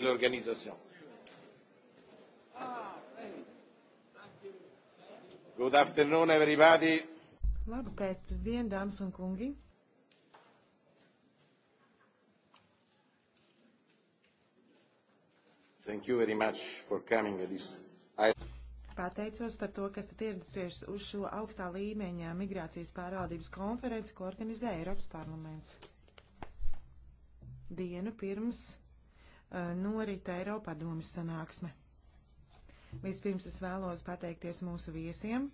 l'organisation. Good afternoon, everybody. Labu pēcpusdienu, dāmas un kungi. Thank you very much for coming at this. I... Pateicos par to, ka esat ieradušies uz šo augstā līmeņa migrācijas pārvaldības konferenci, ko organizē Eiropas parlaments. Dienu pirms Uh, norita Eiropā domas sanāksme. Vispirms es vēlos pateikties mūsu viesiem,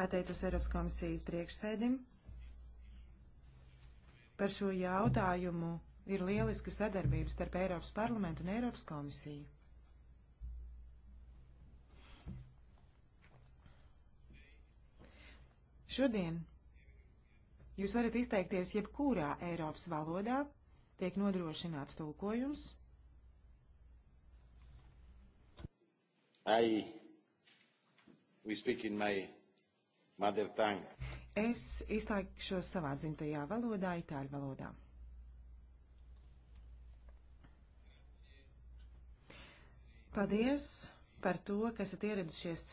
pateicos Eiropas komisijas priekšsēdim. Par šo jautājumu ir lieliska sadarbība starp Eiropas parlamentu un Eiropas komisiju. Šodien jūs varat izteikties jebkurā Eiropas valodā, tiek nodrošināts tulkojums. I, we speak in my mother tongue. Es izteikšos savā dzimtajā valodā, itāļu valodā. Paldies par to, ka esat ieradušies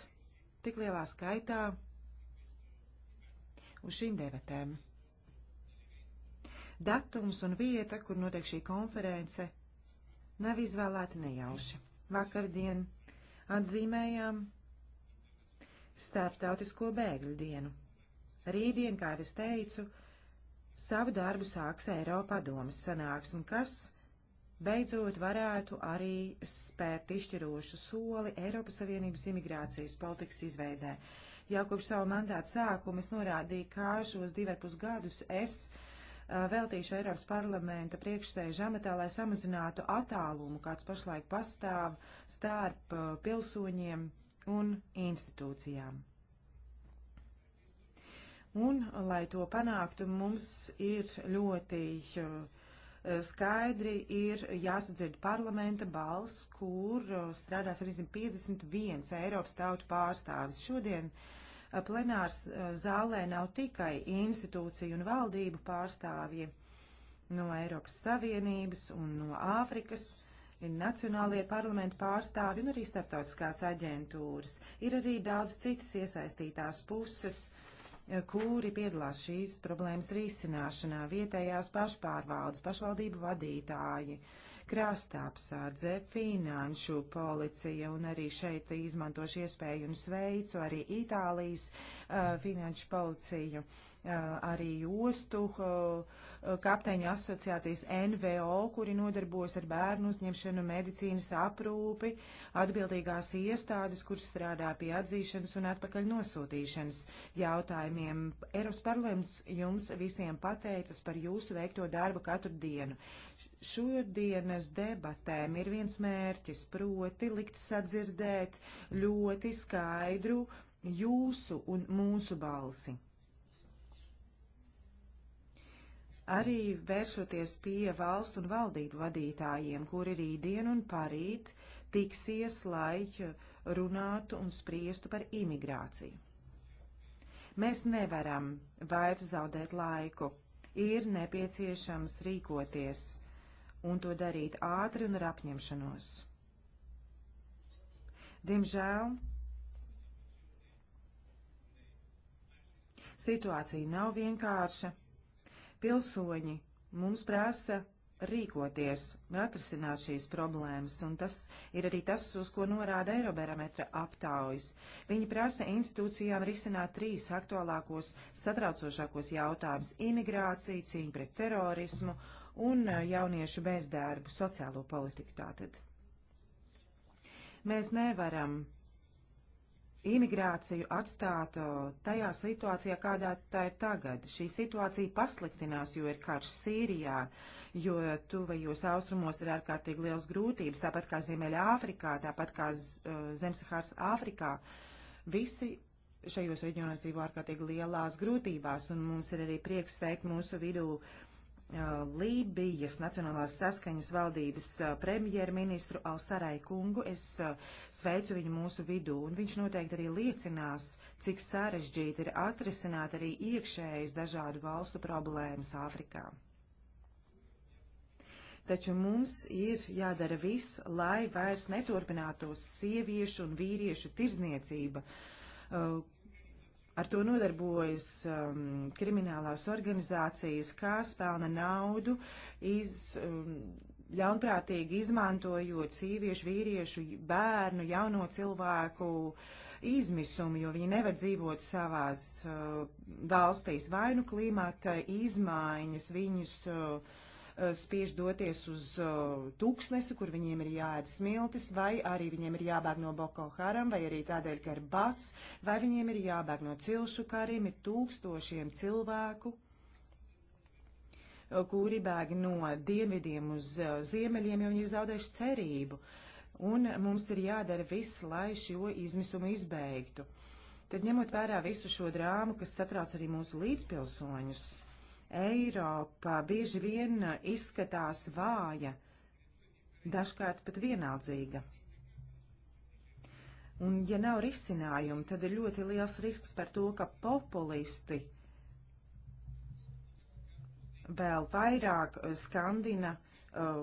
tik lielā skaitā uz šīm debatēm. Datums un vieta, kur notiek šī konference, nav izvēlēti nejauši. Vakardien atzīmējām Startautisko bēgļu dienu. Rītdien, kā jau es teicu, savu darbu sāks Eiropā domas sanāksme, kas beidzot varētu arī spērt izšķirošu soli Eiropas Savienības imigrācijas politikas izveidē. Jau kopš savu mandātu sākuma es norādīju, kā šos divarpus gadus es uh, veltīšu Eiropas parlamenta priekšsēžu amatā, lai samazinātu attālumu, kāds pašlaik pastāv starp pilsoņiem un institūcijām. Un, lai to panāktu, mums ir ļoti skaidri ir jāsadzird parlamenta balss, kur strādās 151 Eiropas tautu pārstāvis. Šodien uh, plenārs eh, zālē nav tikai institūciju un valdību pārstāvji no Eiropas Savienības un no Āfrikas. Ir nacionālie parlamentu pārstāvi un arī starptautiskās aģentūras. Ir arī daudz citas iesaistītās puses, eh, kuri piedalās šīs problēmas risināšanā - vietējās pašpārvaldes, pašvaldību vadītāji, uh, krasta apsārdze, finanšu policija un arī šeit izmantošu iespēju un sveicu arī Itālijas uh, finanšu policiju. Uh, arī jostu kapteiņu asociācijas NVO, kuri nodarbojas ar bērnu uzņemšanu, medicīnas aprūpi, atbildīgās iestādes, kur strādā pie atzīšanas un atpakaļ nosūtīšanas jautājumiem. Eiropas parlaments jums visiem pateicas par jūsu veikto darbu katru dienu. Šodienas debatēm ir viens mērķis, proti likt sadzirdēt ļoti skaidru jūsu un mūsu balsi. arī vēršoties pie valstu un valdību vadītājiem, kuri rītdien un parīt tiksies, lai runātu un spriestu par imigrāciju. Mēs nevaram vairs zaudēt laiku. Ir nepieciešams rīkoties un to darīt ātri un ar apņemšanos. Diemžēl situācija nav vienkārša Pilsoņi mums prasa rīkoties, atrisināt šīs problēmas, un tas ir arī tas, uz ko norāda Eirobarometra aptaujas. Viņi prasa institūcijām risināt trīs aktuālākos, satraucošākos jautājumus - imigrāciju, cīņu pret terorismu un eh, jauniešu bezdarbu, sociālo politiku tātad. Mēs nevaram imigrāciju atstāt tajā situācijā, kādā tā ir tagad. Šī situācija pasliktinās, jo ir karš Sīrijā, jo tuvajos austrumos ir ārkārtīgi liels grūtības, tāpat kā Ziemeļa Āfrikā, tāpat kā Zemsahāras Āfrikā. Visi šajos reģionos dzīvo ārkārtīgi lielās grūtībās, un mums ir arī prieks sveikt mūsu vidū uh, Lībijas Nacionālās saskaņas valdības premjerministru Alsarai Kungu. Es sveicu viņu mūsu vidū, un viņš noteikti arī liecinās, cik sarežģīti ir atrisināt arī iekšējas dažādu valstu problēmas Āfrikā. Taču mums ir jādara viss, lai vairs neturpinātos sieviešu un vīriešu tirzniecība, Ar to nodarbojas um, kriminālās organizācijas, kas pelna naudu, iz, um, ļaunprātīgi izmantojot sīviešu, vīriešu, bērnu, jauno cilvēku izmisumu, jo viņi nevar dzīvot savās uh, valstīs. Vainu klimata izmaiņas viņus. Uh, Eh, spiež doties uz eh, tūkstnesi, kur viņiem ir jāēd smiltis, vai arī viņiem ir jābēg no Boko Haram, vai arī tādēļ, ka ir bats, vai viņiem ir jābēg no cilšu kariem, ir tūkstošiem cilvēku eh, kuri bēg no dienvidiem uz ziemeļiem, jo viņi ir zaudējuši cerību. Un mums ir jādara viss, lai šo izmisumu izbeigtu. Tad ņemot vērā visu šo drāmu, kas satrauc arī mūsu līdzpilsoņus, Eiropa bieži vien izskatās vāja, dažkārt pat vienaldzīga. Un, ja nav risinājumu, tad ir ļoti liels risks par to, ka populisti vēl vairāk skandina uh,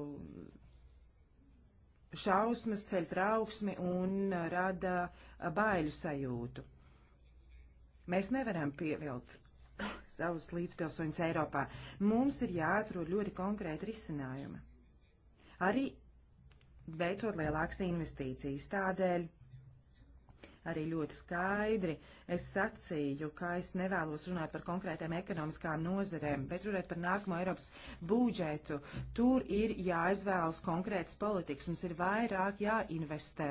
šausmas, ceļ trauksmi un rada baiļu sajūtu. Mēs nevaram pievilkt savus līdzpilsoņus Eiropā. Mums ir jāatrod ļoti konkrēti risinājumi. Arī veicot lielākas investīcijas. Tādēļ arī ļoti skaidri es sacīju, ka es nevēlos runāt par konkrētām ekonomiskām nozerēm, bet runāt par nākamo Eiropas budžetu. Tur ir jāizvēlas konkrētas politikas, mums ir vairāk jāinvestē.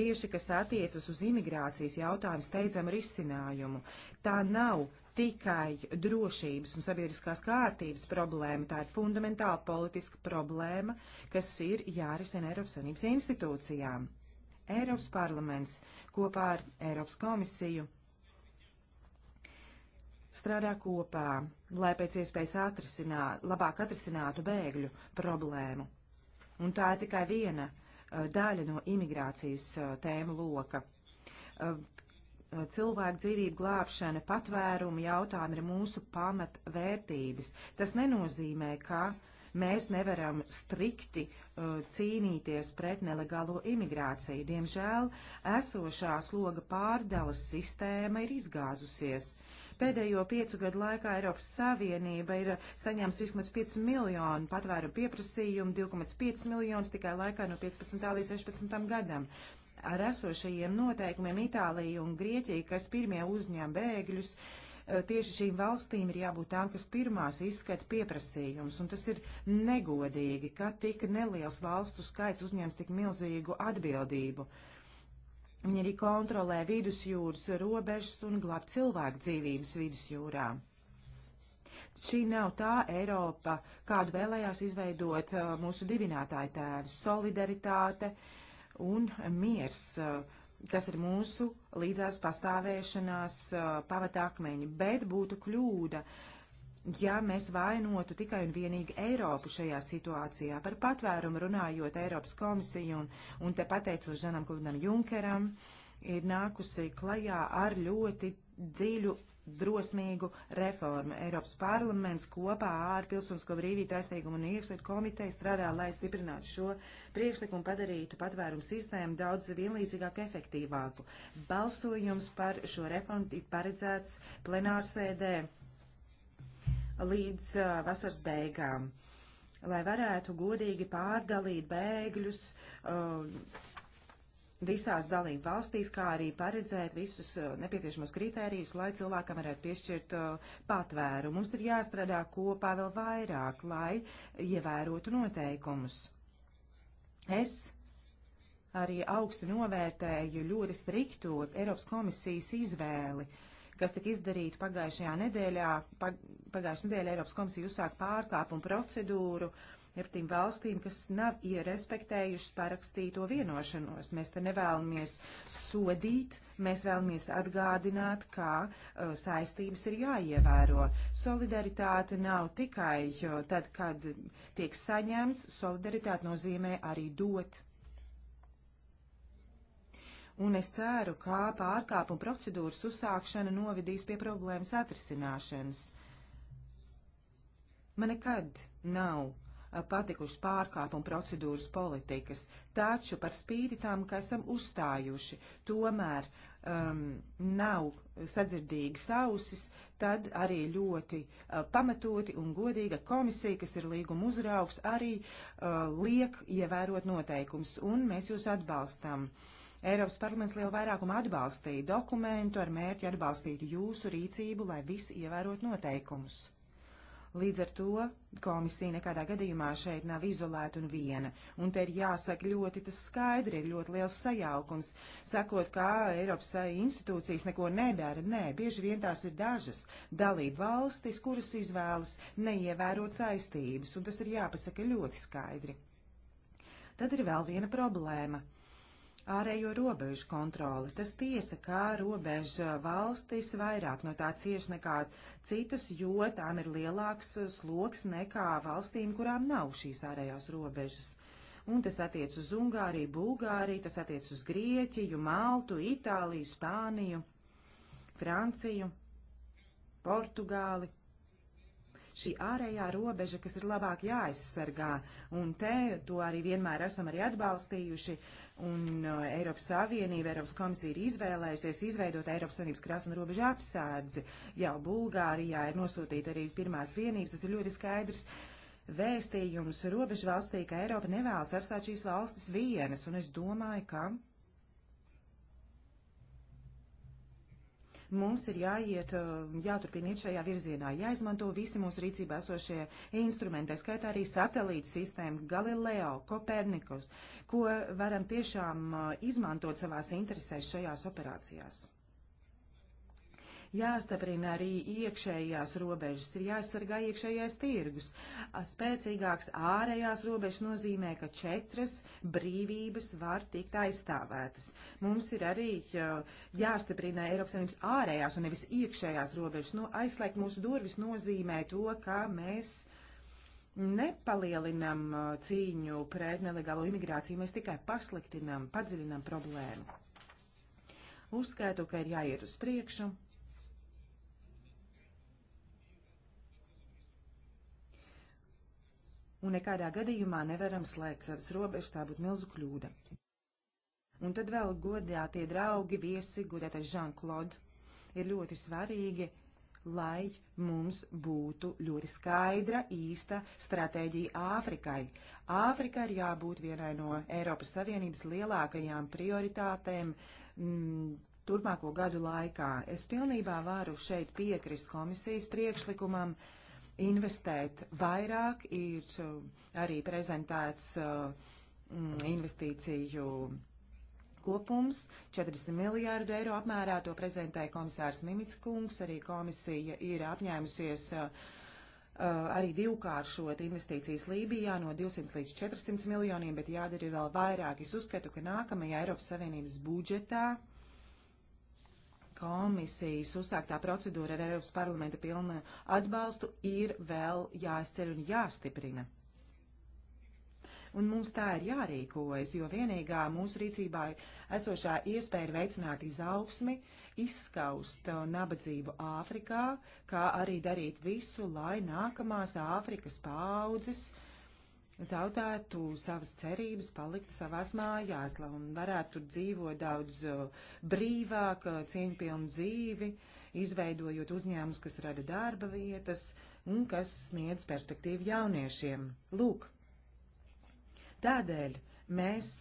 Tieši, kas attiecas uz imigrācijas jautājumu steidzamu risinājumu. Tā nav tikai drošības un sabiedriskās kārtības problēma, tā ir fundamentāla politiska problēma, kas ir jārisina Eiropas Savienības institūcijām. Eiropas parlaments kopā ar Eiropas komisiju strādā kopā, lai pēc iespējas atrisināt, labāk atrisinātu bēgļu problēmu. Un tā ir tikai viena uh, daļa no imigrācijas uh, tēma loka. Uh, cilvēku dzīvību glābšana, patvērumu jautājumi ir mūsu pamatvērtības. Tas nenozīmē, ka mēs nevaram strikti uh, cīnīties pret nelegālo imigrāciju. Diemžēl esošā sloga pārdales sistēma ir izgāzusies. Pēdējo piecu gadu laikā Eiropas Savienība ir saņēmusi 3,5 miljonu patvēru pieprasījumu, 2,5 miljonus tikai laikā no 15. līdz 16. gadam ar esošajiem noteikumiem Itālija un Grieķija, kas pirmie uzņem bēgļus, eh, tieši šīm valstīm ir jābūt tām, kas pirmās izskata pieprasījums, un tas ir negodīgi, ka tik neliels valstu skaits uzņems tik milzīgu atbildību. Viņi arī kontrolē vidusjūras robežas un glāb cilvēku dzīvības vidusjūrā. Šī nav tā Eiropa, kādu vēlējās izveidot eh, mūsu dibinātāja tēvs - solidaritāte, uh, un miers, eh, kas ir mūsu līdzās pastāvēšanās eh, pavatakmeņi. Bet būtu kļūda, ja mēs vainotu tikai un vienīgi Eiropu šajā situācijā. Par patvērumu runājot Eiropas komisiju un, un te pateicot Žanam Kludam Junkeram, ir nākusi klajā ar ļoti dziļu drosmīgu reformu. Eiropas parlaments kopā ar Pilsonsko brīvību, taisnīgumu un iekšlietu komiteju strādā, lai stiprinātu šo priekšlikumu, padarītu patvērumu sistēmu daudz vienlīdzīgāku, efektīvāku. Balsojums par šo reformu ir paredzēts plenārsēdē līdz uh, vasaras beigām, lai varētu godīgi pārdalīt bēgļus. Uh, visās dalību valstīs, kā arī paredzēt visus uh, nepieciešamos kritērijus, lai cilvēkam varētu piešķirt uh, patvēru. Mums ir jāstrādā kopā vēl vairāk, lai ievērotu noteikumus. Es arī augstu novērtēju ļoti strikto Eiropas komisijas izvēli kas tika izdarīta pagājušajā nedēļā. Pag, pagājušajā nedēļā Eiropas komisija uzsāka pārkāpumu procedūru uh, ar tiem valstīm, kas nav ierespektējušas parakstīto vienošanos. Mēs te nevēlamies sodīt, mēs vēlamies atgādināt, kā uh, saistības ir jāievēro. Solidaritāte nav tikai uh, tad, kad tiek saņemts, solidaritāte nozīmē arī dot un es ceru, ka pārkāpuma procedūras uzsākšana novedīs pie problēmas atrisināšanas. Man nekad nav patikušas pārkāpuma procedūras politikas, taču par spīti tām, ka esam uzstājuši, tomēr um, nav sadzirdīgas ausis, tad arī ļoti uh, pamatoti un godīga komisija, kas ir līguma uzraugs, arī uh, liek ievērot noteikums, un mēs jūs atbalstam. Eiropas parlaments lielu vairākumu atbalstīja dokumentu ar mērķi atbalstīt jūsu rīcību, lai visi ievērot noteikumus. Līdz ar to komisija nekādā gadījumā šeit nav izolēta un viena. Un te ir jāsaka ļoti tas skaidri, ir ļoti liels sajaukums, sakot, kā Eiropas institūcijas neko nedara. Nē, bieži vien tās ir dažas dalība valstis, kuras izvēlas neievērot saistības, un tas ir jāpasaka ļoti skaidri. Tad ir vēl viena problēma ārējo robežu kontroli. Tas tiesa, kā robeža valstis vairāk no tā cieši nekā citas, jo tām ir lielāks sloks nekā valstīm, kurām nav šīs ārējās robežas. Un tas attiec uz Ungāriju, Bulgāriju, tas attiec uz Grieķiju, Maltu, Itāliju, Spāniju, Franciju, Portugāli šī ārējā robeža, kas ir labāk jāaizsargā, un te to arī vienmēr esam arī atbalstījuši, Un uh, Eiropas Savienība, Eiropas komisija ir izvēlējusies izveidot Eiropas Savienības krāsu un robežu apsādzi. Jau Bulgārijā ir nosūtīta arī pirmās vienības, tas ir ļoti skaidrs vēstījums robežu valstī, ka Eiropa nevēlas atstāt šīs valstis vienas, un es domāju, ka Mums ir jāiet, uh, jāturpina iet šajā virzienā, jāizmanto visi mūsu rīcībā esošie instrumenti, skaitā arī satelīta sistēma, Galileo, Kopernikus, ko varam tiešām uh, izmantot savās interesēs šajās operācijās jāstaprina arī iekšējās robežas, ir jāaizsargā iekšējais tirgus. Spēcīgāks ārējās robežas nozīmē, ka četras brīvības var tikt aizstāvētas. Mums ir arī jāstaprina Eiropas Savienības ārējās un nevis iekšējās robežas. No, nu, aizslēgt mūsu durvis nozīmē to, ka mēs nepalielinam cīņu pret nelegālo imigrāciju, mēs tikai pasliktinam, padziļinam problēmu. Uzskaitu, ka ir jāiet uz priekšu. un nekādā gadījumā nevaram slēgt savas robežas, tā būtu milzu kļūda. Un tad vēl godātie draugi, viesi, godātais Jean-Claude, ir ļoti svarīgi, lai mums būtu ļoti skaidra, īsta stratēģija Āfrikai. Āfrika ir jābūt vienai no Eiropas Savienības lielākajām prioritātēm mm, turpmāko gadu laikā. Es pilnībā varu šeit piekrist komisijas priekšlikumam. Uh, investēt vairāk, ir eh, arī prezentēts eh, mm, investīciju kopums 40 miljārdu eiro apmērā. To prezentēja komisārs Mimits kungs. Arī komisija ir apņēmusies eh, arī divkāršot investīcijas Lībijā no 200 līdz 400 miljoniem, bet jādara vēl vairāk. Es uzskatu, ka nākamajā Eiropas Savienības budžetā komisijas uzsāktā procedūra ar Eiropas parlamenta pilnu atbalstu ir vēl jāizceļ un jāstiprina. Un mums tā ir jārīkojas, jo vienīgā mūsu rīcībā esošā iespēja ir veicināt izaugsmi, izskaust uh, nabadzību Āfrikā, kā arī darīt visu, lai nākamās Āfrikas paudzes uh, zaudētu savas cerības, palikt savās mājās, lai varētu dzīvot daudz brīvāk, cieņpilnu dzīvi, izveidojot uzņēmumus, kas rada darba vietas un kas sniedz perspektīvu jauniešiem. Lūk, tādēļ mēs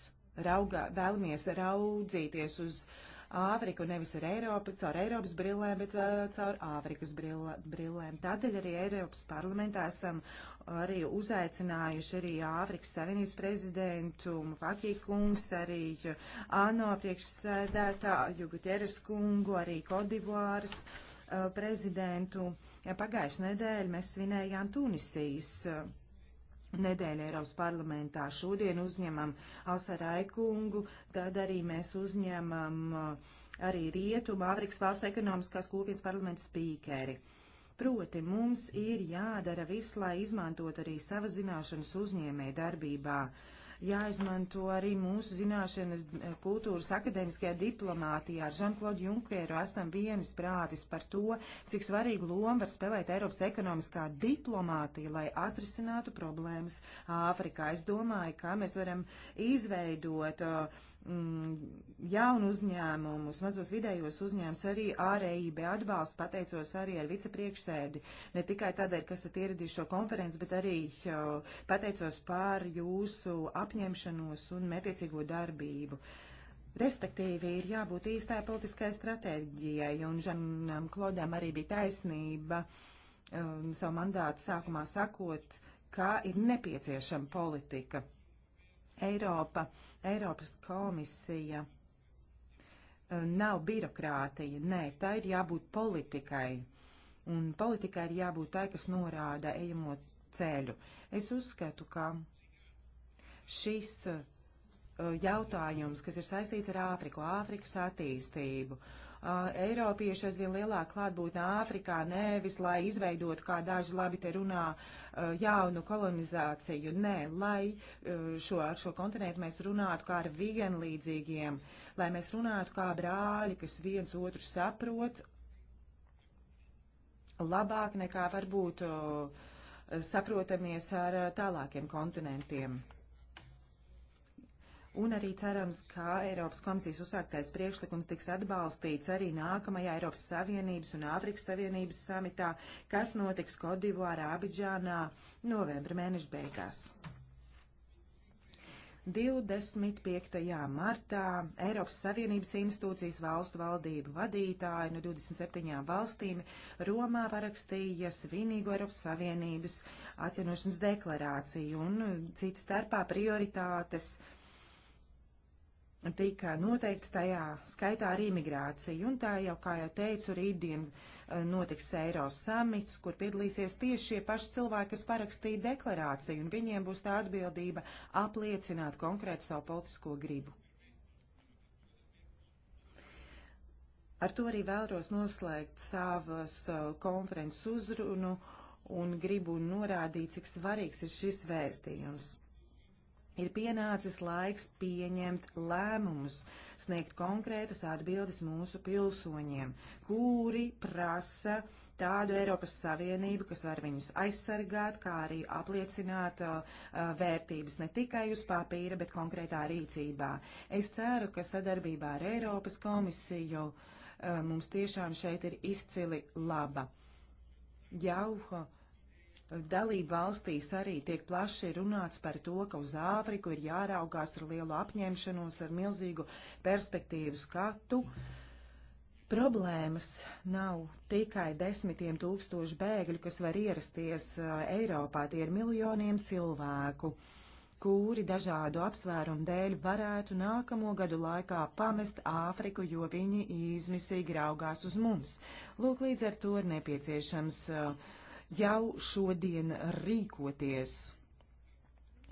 raugā, vēlamies raudzīties uz uh, Āfriku nevis ar Eiropas, caur Eiropas brillēm, bet uh, caur Āfrikas brillēm. Tādēļ arī Eiropas parlamentā esam arī uzaicinājuši arī Āfrikas Savienības prezidentu Fakī kungs, arī uh, ANO priekšsēdētāju Guteres kungu, arī Kodivāras uh, prezidentu. Pagājušajā nedēļā mēs svinējām Tunisijas nedēļa Eiropas parlamentā. Šodien uzņemam Alsaraikungu, tad arī mēs uzņemam uh, arī Rietumu Āfrikas valstu ekonomiskās kopienas parlamenta spīkeri. Proti mums ir jādara viss, lai izmantot arī savas zināšanas uzņēmē darbībā. Uh, jāizmanto arī mūsu zināšanas kultūras akadēmiskajā diplomātijā. Ar Žanklodu Junkeru esam vienas prātis par to, cik svarīgu lomu var spēlēt Eiropas ekonomiskā diplomātija, lai atrisinātu problēmas Āfrikā. Es domāju, kā mēs varam izveidot uh, Mm, jaunu uzņēmumus, mazos vidējos uzņēmumus, arī ārējība atbalstu, pateicos arī ar vicepriekšsēdi, ne tikai tādēļ, kas esat ieradījuši šo konferenci, bet arī pateicos pār jūsu apņemšanos un mērķiecīgo darbību. Respektīvi, ir jābūt īstai politiskai stratēģijai, un Žanam Klodam arī bija taisnība um, savu mandātu sākumā sakot, kā ir nepieciešama politika Eiropa, Eiropas komisija e, nav birokrātija, nē, tā ir jābūt politikai. Un politikai ir jābūt tai, kas norāda ejamo ceļu. Es uzskatu, ka šis e, jautājums, kas ir saistīts ar Āfriku, Āfrikas attīstību, uh, Uh, Eiropieši aizvien lielāk klātbūtnē Āfrikā, nevis lai izveidotu, kā daži labi te runā, uh, jaunu kolonizāciju. Nē, lai uh, šo, ar šo kontinentu mēs runātu kā ar vienlīdzīgiem, lai mēs runātu kā brāļi, kas viens otru saprot labāk nekā varbūt saprotamies ar tālākiem kontinentiem un arī cerams, ka Eiropas komisijas uzsāktais priekšlikums tiks atbalstīts arī nākamajā Eiropas Savienības un Āfrikas Savienības samitā, kas notiks Kodivārā Abidžānā novembra mēneša beigās. 25. martā Eiropas Savienības institūcijas valstu valdību vadītāji no 27 valstīm Romā parakstīja svinīgo Eiropas Savienības atjaunošanas deklarāciju un citas starpā prioritātes uh, tika noteikts tajā skaitā arī migrācija. Un tā jau, kā jau teicu, rītdien eh, notiks Eiros samits, kur piedalīsies tieši šie paši cilvēki, kas parakstīja deklarāciju, un viņiem būs tā atbildība apliecināt konkrētu savu politisko gribu. Ar to arī vēlos noslēgt savas eh, konferences uzrunu un gribu norādīt, cik svarīgs ir šis vēstījums. Ir pienācis laiks pieņemt lēmumus, sniegt konkrētas atbildes mūsu pilsoņiem, kuri prasa tādu Eiropas Savienību, kas var viņus aizsargāt, kā arī apliecināt uh, uh, vērtības ne tikai uz papīra, bet konkrētā rīcībā. Es ceru, ka sadarbībā ar Eiropas komisiju uh, mums tiešām šeit ir izcili laba. Jauha. Uh, dalību valstīs arī tiek plaši runāts par to, ka uz Āfriku ir jāraugās ar lielu apņemšanos, ar milzīgu perspektīvu skatu. Problēmas nav tikai desmitiem tūkstošu bēgļu, kas var ierasties Eiropā, tie ir miljoniem cilvēku kuri dažādu apsvērumu dēļ varētu nākamo gadu laikā pamest Āfriku, jo viņi izmisīgi raugās uz mums. Lūk, līdz ar to ir nepieciešams uh, jau šodien rīkoties.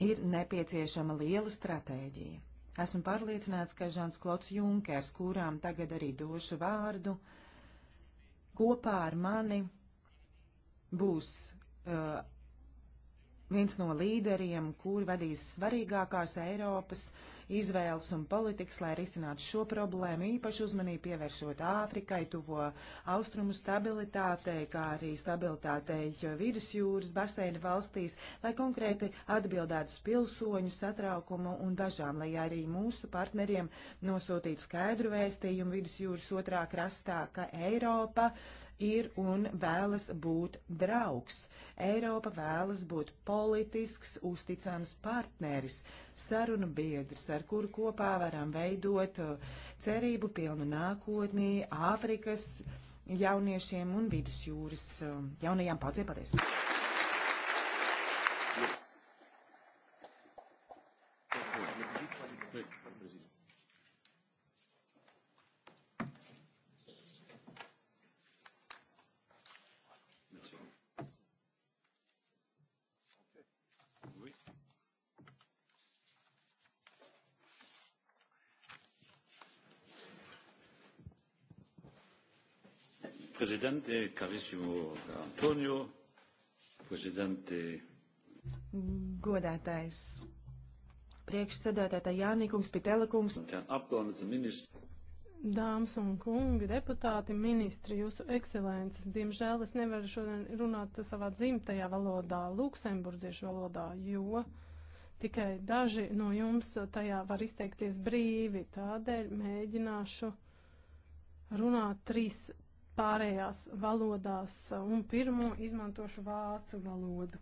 Ir nepieciešama liela stratēģija. Esmu pārliecināts, ka Žants Klots Junkers, kurām tagad arī došu vārdu, kopā ar mani būs uh, viens no līderiem, kuri vadīs svarīgākās Eiropas uh, izvēles un politikas, lai risinātu šo problēmu, īpaši uzmanību pievēršot Āfrikai, tuvo austrumu stabilitātei, kā arī stabilitātei vidusjūras baseina valstīs, lai konkrēti atbildētu uz pilsoņu satraukumu un bažām, lai arī mūsu partneriem nosūtītu skaidru vēstījumu vidusjūras otrā krastā, ka Eiropa. Uh, ir un vēlas būt draugs. Eiropa vēlas būt politisks, uzticams partneris, sarunu biedrs, ar kuru kopā varam veidot uh, cerību pilnu nākotnī Āfrikas jauniešiem un vidusjūras uh, jaunajām paudzēm. Paldies! Presidente, carissimo Antonio, Presidente. Godātais priekšsēdētāja Jānīkungs, Pitelakungs. Dāmas un kungi, deputāti, ministri, jūsu ekscelences, diemžēl es nevaru šodien runāt savā dzimtajā valodā, luksemburdziešu valodā, jo tikai daži no jums tajā var izteikties brīvi, tādēļ mēģināšu runāt trīs pārējās valodās un pirmo izmantošu vācu valodu.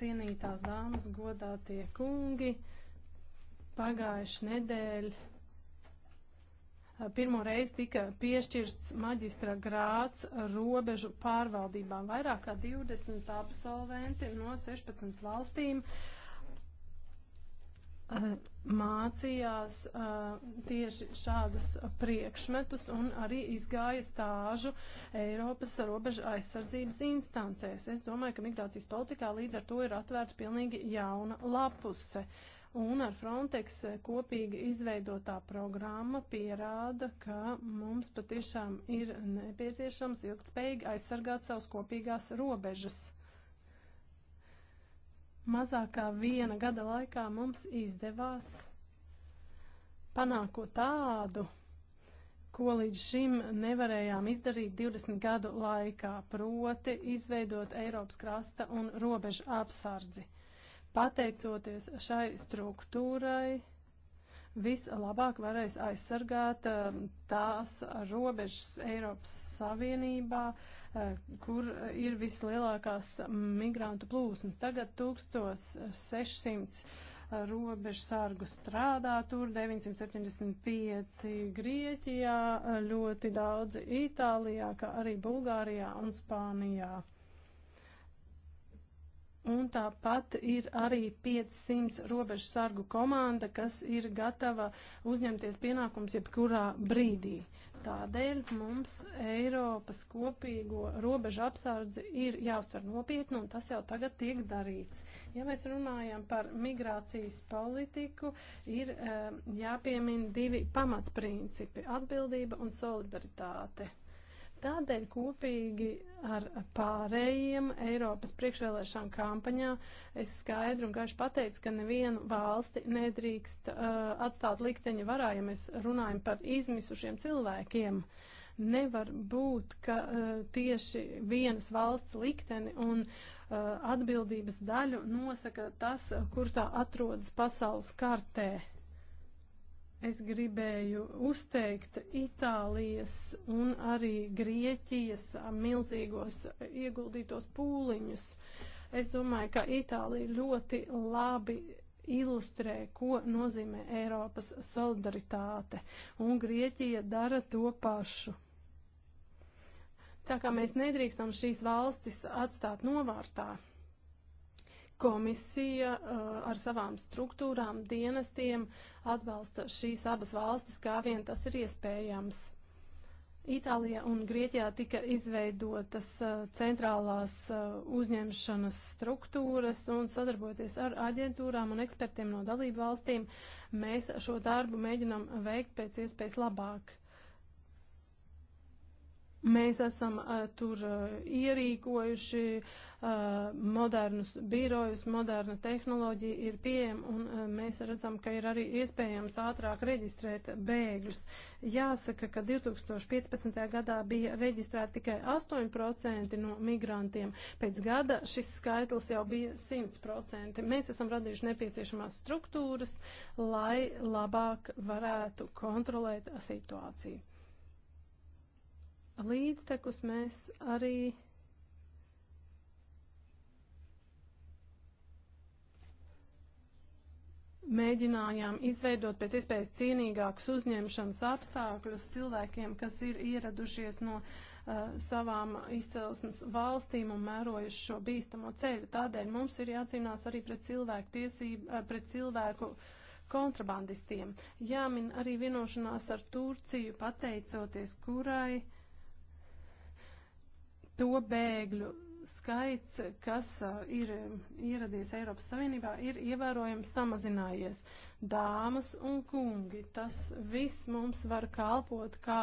Cienītās dāmas, godātie kungi, pagājuši nedēļ pirmo reizi tika piešķirts maģistra grāts robežu pārvaldībām. Vairāk kā 20 absolventi no 16 valstīm uh, Eh, mācījās uh, tieši šādus priekšmetus un arī izgāja stāžu Eiropas robeža aizsardzības instancēs. Es domāju, ka migrācijas politikā līdz ar to ir atvērta pilnīgi jauna lapuse. Un ar Frontex eh, kopīgi izveidotā programma pierāda, ka mums patiešām ir nepieciešams ilgtspējīgi aizsargāt savus kopīgās robežas. Mazākā viena gada laikā mums izdevās panākt ko tādu, ko līdz šim nevarējām izdarīt 20 gadu laikā, proti izveidot Eiropas krasta un robežu apsardzi. Pateicoties šai struktūrai, vislabāk varēs aizsargāt um, tās robežas Eiropas Savienībā, uh, Eh, kur ir vislielākās migrantu plūsmas. Tagad 1600 robežsargu strādā tur, 975 Grieķijā, ļoti daudzi Itālijā, kā arī Bulgārijā un Spānijā. Un tāpat ir arī 500 robežu sargu komanda, kas ir gatava uzņemties pienākums jebkurā brīdī. Tādēļ mums Eiropas kopīgo robežu apsardzi ir jāuztver nopietni, un tas jau tagad tiek darīts. Ja mēs runājam par migrācijas politiku, ir eh, jāpiemina divi pamatprincipi - atbildība un solidaritāte. Tādēļ kopīgi ar pārējiem Eiropas priekšvēlēšanu kampaņā es skaidru un gaiši pateicu, ka nevienu valsti nedrīkst uh, atstāt likteņa varā, ja mēs runājam par izmisušiem cilvēkiem. Nevar būt, ka uh, tieši vienas valsts likteni un uh, atbildības daļu nosaka tas, kur tā atrodas pasaules kartē. Es gribēju uzteikt Itālijas un arī Grieķijas milzīgos ieguldītos pūliņus. Es domāju, ka Itālija ļoti labi ilustrē, ko nozīmē Eiropas solidaritāte, un Grieķija dara to pašu. Tā kā mēs nedrīkstam šīs valstis atstāt novārtā. Komisija uh, ar savām struktūrām, dienestiem atbalsta šīs abas valstis, kā vien tas ir iespējams. Itālijā un Grieķijā tika izveidotas eh, centrālās eh, uzņemšanas struktūras un sadarboties ar aģentūrām un ekspertiem no dalību valstīm, mēs šo darbu mēģinam veikt pēc iespējas labāk. Mēs esam tur ierīkojuši uh, modernus birojus, moderna tehnoloģija ir pieejama, un mēs redzam, ka ir arī iespējams ātrāk reģistrēt bēgļus. Jāsaka, ka 2015. gadā bija reģistrēti tikai 8% no migrantiem. Pēc gada šis skaitlis jau bija 100%. Mēs esam radījuši nepieciešamās struktūras, lai labāk varētu kontrolēt situāciju. Līdztekus mēs arī mēģinājām izveidot pēc iespējas cienīgākus uzņemšanas apstākļus cilvēkiem, kas ir ieradušies no uh, savām izcelsmes valstīm un mērojuši šo bīstamo ceļu. Tādēļ mums ir jācīnās arī pret cilvēku tiesību, uh, pret cilvēku kontrabandistiem. Jāmin arī vienošanās ar Turciju, pateicoties kurai to bēgļu skaits, kas ir um, ieradies Eiropas Savienībā, ir ievērojami samazinājies. Dāmas un kungi, tas viss mums var kalpot kā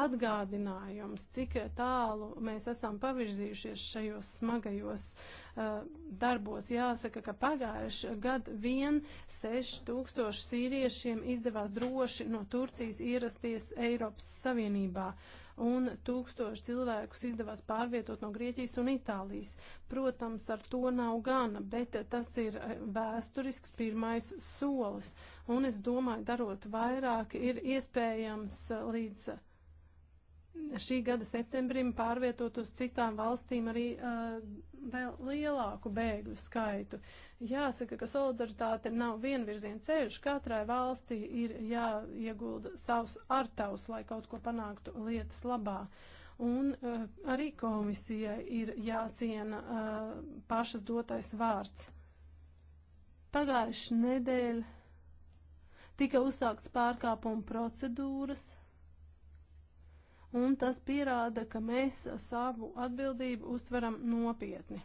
atgādinājums, cik tālu mēs esam pavirzījušies šajos smagajos uh, darbos. Jāsaka, ka pagājuši gad vien 6000 sīriešiem izdevās droši no Turcijas ierasties Eiropas Savienībā. Uh, un tūkstoši cilvēkus izdevās pārvietot no Grieķijas un Itālijas. Protams, ar to nav gana, bet tas ir eh, vēsturisks pirmais solis, un es domāju, darot vairāk, ir iespējams eh, līdz šī gada septembrim pārvietot uz citām valstīm arī uh, vēl lielāku bēgļu skaitu. Jāsaka, ka solidaritāte nav vienvirziena ceļš. Katrai valstī ir jāiegulda savs artaus, lai kaut ko panāktu lietas labā. Un uh, arī komisijai ir jāciena uh, pašas dotais vārds. Pagājuši nedēļ tika uzsākts pārkāpuma procedūras un tas pierāda, ka mēs savu atbildību uztveram nopietni.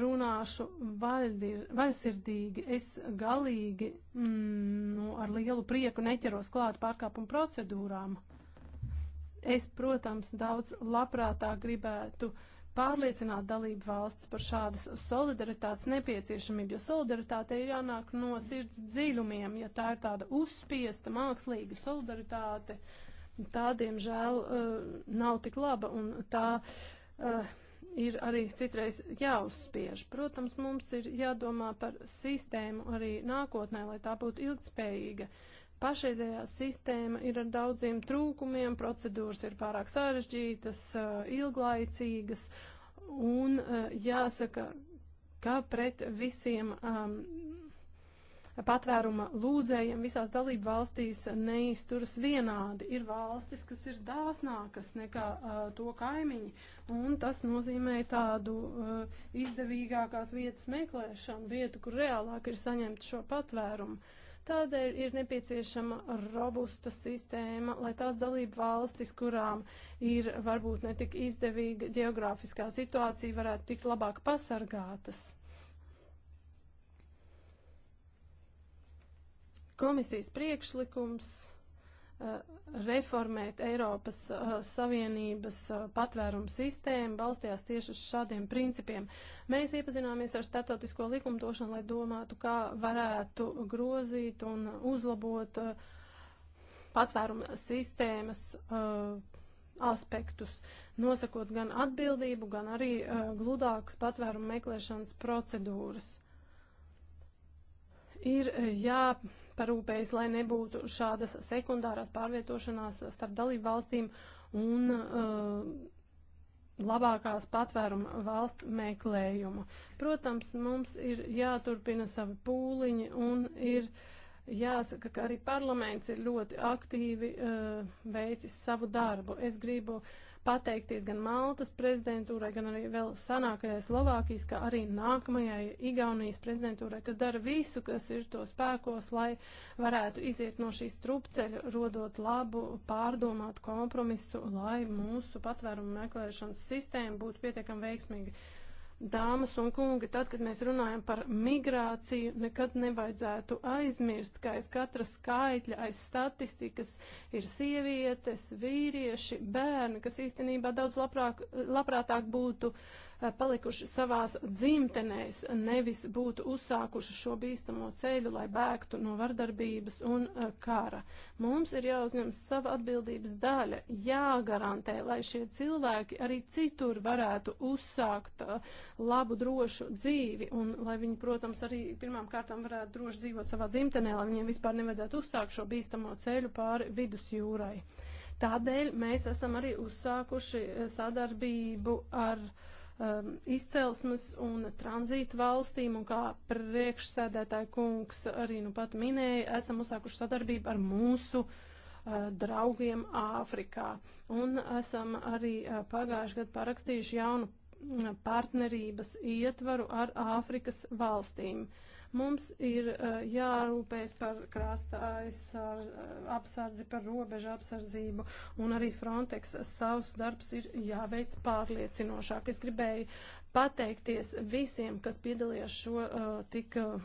Runāšu vaļdir, vaļsirdīgi, es galīgi mm, nu, ar lielu prieku neķeros klāt pārkāpumu procedūrām. Es, protams, daudz labprātāk gribētu pārliecināt dalību valsts par šādas solidaritātes nepieciešamību, jo solidaritāte ir jānāk no sirds dziļumiem, ja tā ir tāda uzspiesta, mākslīga solidaritāte. Uh, tā, diemžēl, eh, nav tik laba un tā eh, ir arī citreiz jāuzspiež. Protams, mums ir jādomā par sistēmu arī nākotnē, lai tā būtu ilgspējīga. Pašreizējā sistēma ir ar daudziem trūkumiem, procedūras ir pārāk sarežģītas, eh, ilglaicīgas, un jāsaka, ka pret visiem um, patvēruma lūdzējiem visās dalību valstīs neizturas vienādi. Ir valstis, kas ir dāsnākas nekā uh, to kaimiņi, un tas nozīmē tādu uh, izdevīgākās vietas meklēšanu, vietu, kur reālāk ir saņemt šo patvērumu. Tādēļ ir nepieciešama robusta sistēma, lai tās dalību valstis, kurām ir varbūt netik izdevīga geogrāfiskā situācija, varētu tikt labāk pasargātas. Komisijas priekšlikums uh, reformēt Eiropas uh, Savienības uh, patvērumu sistēmu balstījās tieši uz šādiem principiem. Mēs iepazināmies ar statotisko likumdošanu, lai domātu, kā varētu grozīt un uzlabot uh, patvērumu sistēmas uh, aspektus, nosakot gan atbildību, gan arī uh, gludākas patvērumu meklēšanas procedūras. Ir jā. Ja jāparūpējas, lai nebūtu šādas sekundārās pārvietošanās starp dalību valstīm un uh, labākās patvēruma valsts meklējuma. Protams, mums ir jāturpina savi pūliņi un ir jāsaka, ka arī parlaments ir ļoti aktīvi uh, veicis savu darbu. Es gribu uh, pateikties gan Maltas prezidentūrai, gan arī vēl sanākajai Slovākijas, kā arī nākamajai Igaunijas prezidentūrai, kas dara visu, kas ir to spēkos, lai varētu iziet no šīs trupceļa, rodot labu, pārdomāt kompromisu, lai mūsu patvērumu meklēšanas sistēma būtu pietiekami veiksmīga. Dāmas un kungi, tad, kad mēs runājam par migrāciju, nekad nevajadzētu aizmirst, ka aiz katra skaitļa, aiz statistikas ir sievietes, vīrieši, bērni, kas īstenībā daudz labprāk, labprātāk būtu uh, Eh, palikuši savās dzimtenēs, nevis būtu uzsākuši šo bīstamo ceļu, lai bēgtu no vardarbības un eh, kara. Mums ir jāuzņemas sava atbildības daļa, jāgarantē, lai šie cilvēki arī citur varētu uzsākt eh, labu, drošu dzīvi, un lai viņi, protams, arī pirmām kārtām varētu droši dzīvot savā dzimtenē, lai viņiem vispār nevajadzētu uzsākt šo bīstamo ceļu pāri vidusjūrai. Tādēļ mēs esam arī uzsākuši sadarbību ar uh, um, izcelsmes un tranzītu valstīm, un kā priekšsēdētāja kungs arī nu pat minēja, esam uzsākuši sadarbību ar mūsu uh, draugiem Āfrikā. Un esam arī uh, pagājuši gadu parakstījuši jaunu mm, partnerības ietvaru ar Āfrikas valstīm. Uh, Mums ir uh, jārūpējas par krāsta aizsar, eh, apsardzi, par robežu apsardzību, un arī Frontex savus darbs ir jāveic pārliecinošāk. Es gribēju pateikties visiem, kas piedalījās šo uh, tik uh,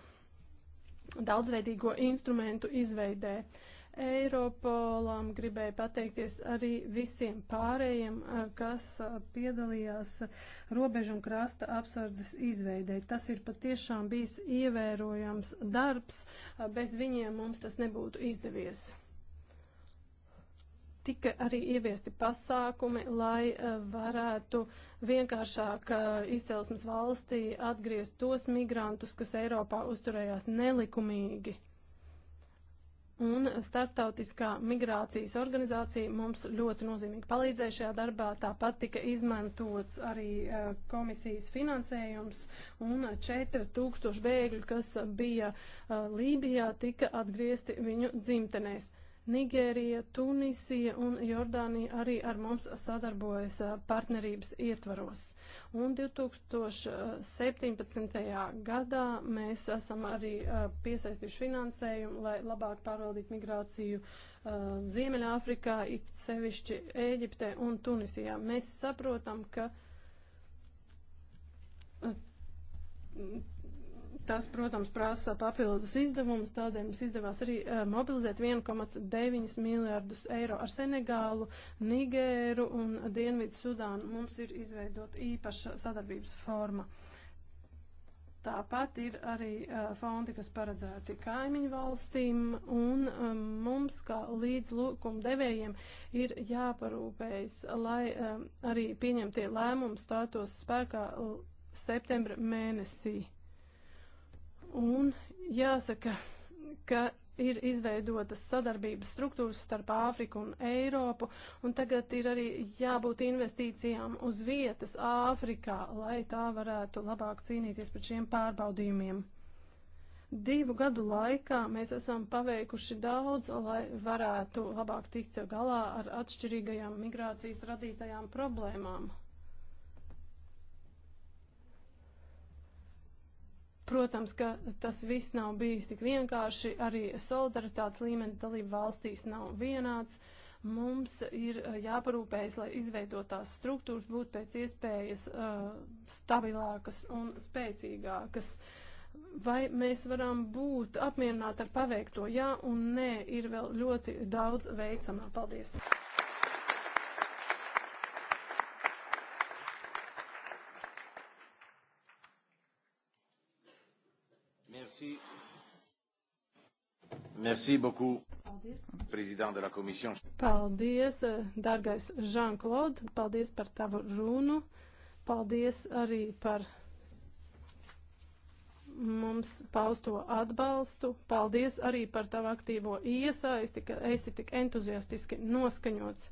daudzveidīgo instrumentu izveidē. Uh, Eiropolam, gribēju pateikties arī visiem pārējiem, kas piedalījās robežu un krasta apsardzes izveidē. Tas ir patiešām bijis ievērojams darbs, bez viņiem mums tas nebūtu izdevies. Tika arī ieviesti pasākumi, lai varētu vienkāršāk izcelsmes valstī atgriezt tos migrantus, kas Eiropā uzturējās nelikumīgi un Startautiskā migrācijas organizācija mums ļoti nozīmīgi palīdzēja šajā darbā. Tāpat tika izmantots arī e, komisijas finansējums un 4000 bēgļu, kas bija e, Lībijā, tika atgriezti viņu dzimtenēs. Nigērija, Tunisija un Jordānija arī ar mums sadarbojas partnerības ietvaros. Un 2017. gadā mēs esam arī piesaistījuši finansējumu, lai labāk pārvaldītu migrāciju Ziemeļāfrikā, it sevišķi Ēģiptē un Tunisijā. Mēs saprotam, ka Tas, protams, prasa papildus izdevumus, tādēļ mums izdevās arī uh, mobilizēt 1,9 miljārdus eiro ar Senegālu, Nigēru un Dienvidu Sudānu. Mums ir izveidot īpaša sadarbības forma. Tāpat ir arī uh, fondi, kas paredzēti kaimiņu valstīm, un um, mums, kā līdz lūkumu devējiem, ir jāparūpējas, lai um, arī pieņemtie lēmumi stātos spēkā septembra mēnesī. Un jāsaka, ka ir izveidotas sadarbības struktūras starp Āfriku un Eiropu, un tagad ir arī jābūt investīcijām uz vietas Āfrikā, lai tā varētu labāk cīnīties pret šiem pārbaudījumiem. Divu gadu laikā mēs esam paveikuši daudz, lai varētu labāk tikt galā ar atšķirīgajām migrācijas radītajām problēmām. Protams, ka tas viss nav bijis tik vienkārši, arī solidaritātes līmenis dalību valstīs nav vienāds. Mums ir eh, jāparūpējas, lai izveidotās struktūras būtu pēc iespējas uh, stabilākas un spēcīgākas. Vai mēs varam būt apmierināti ar paveikto? Jā un nē, ir vēl ļoti daudz veicamā. Paldies! Merci. Merci beaucoup. Paldies. Prezidenta de la komisija. Paldies, dārgais Žanklod, paldies par tavu runu. Paldies arī par mums pausto atbalstu. Paldies arī par tavu aktīvo iesaisti, ka esi tik entuziastiski noskaņots.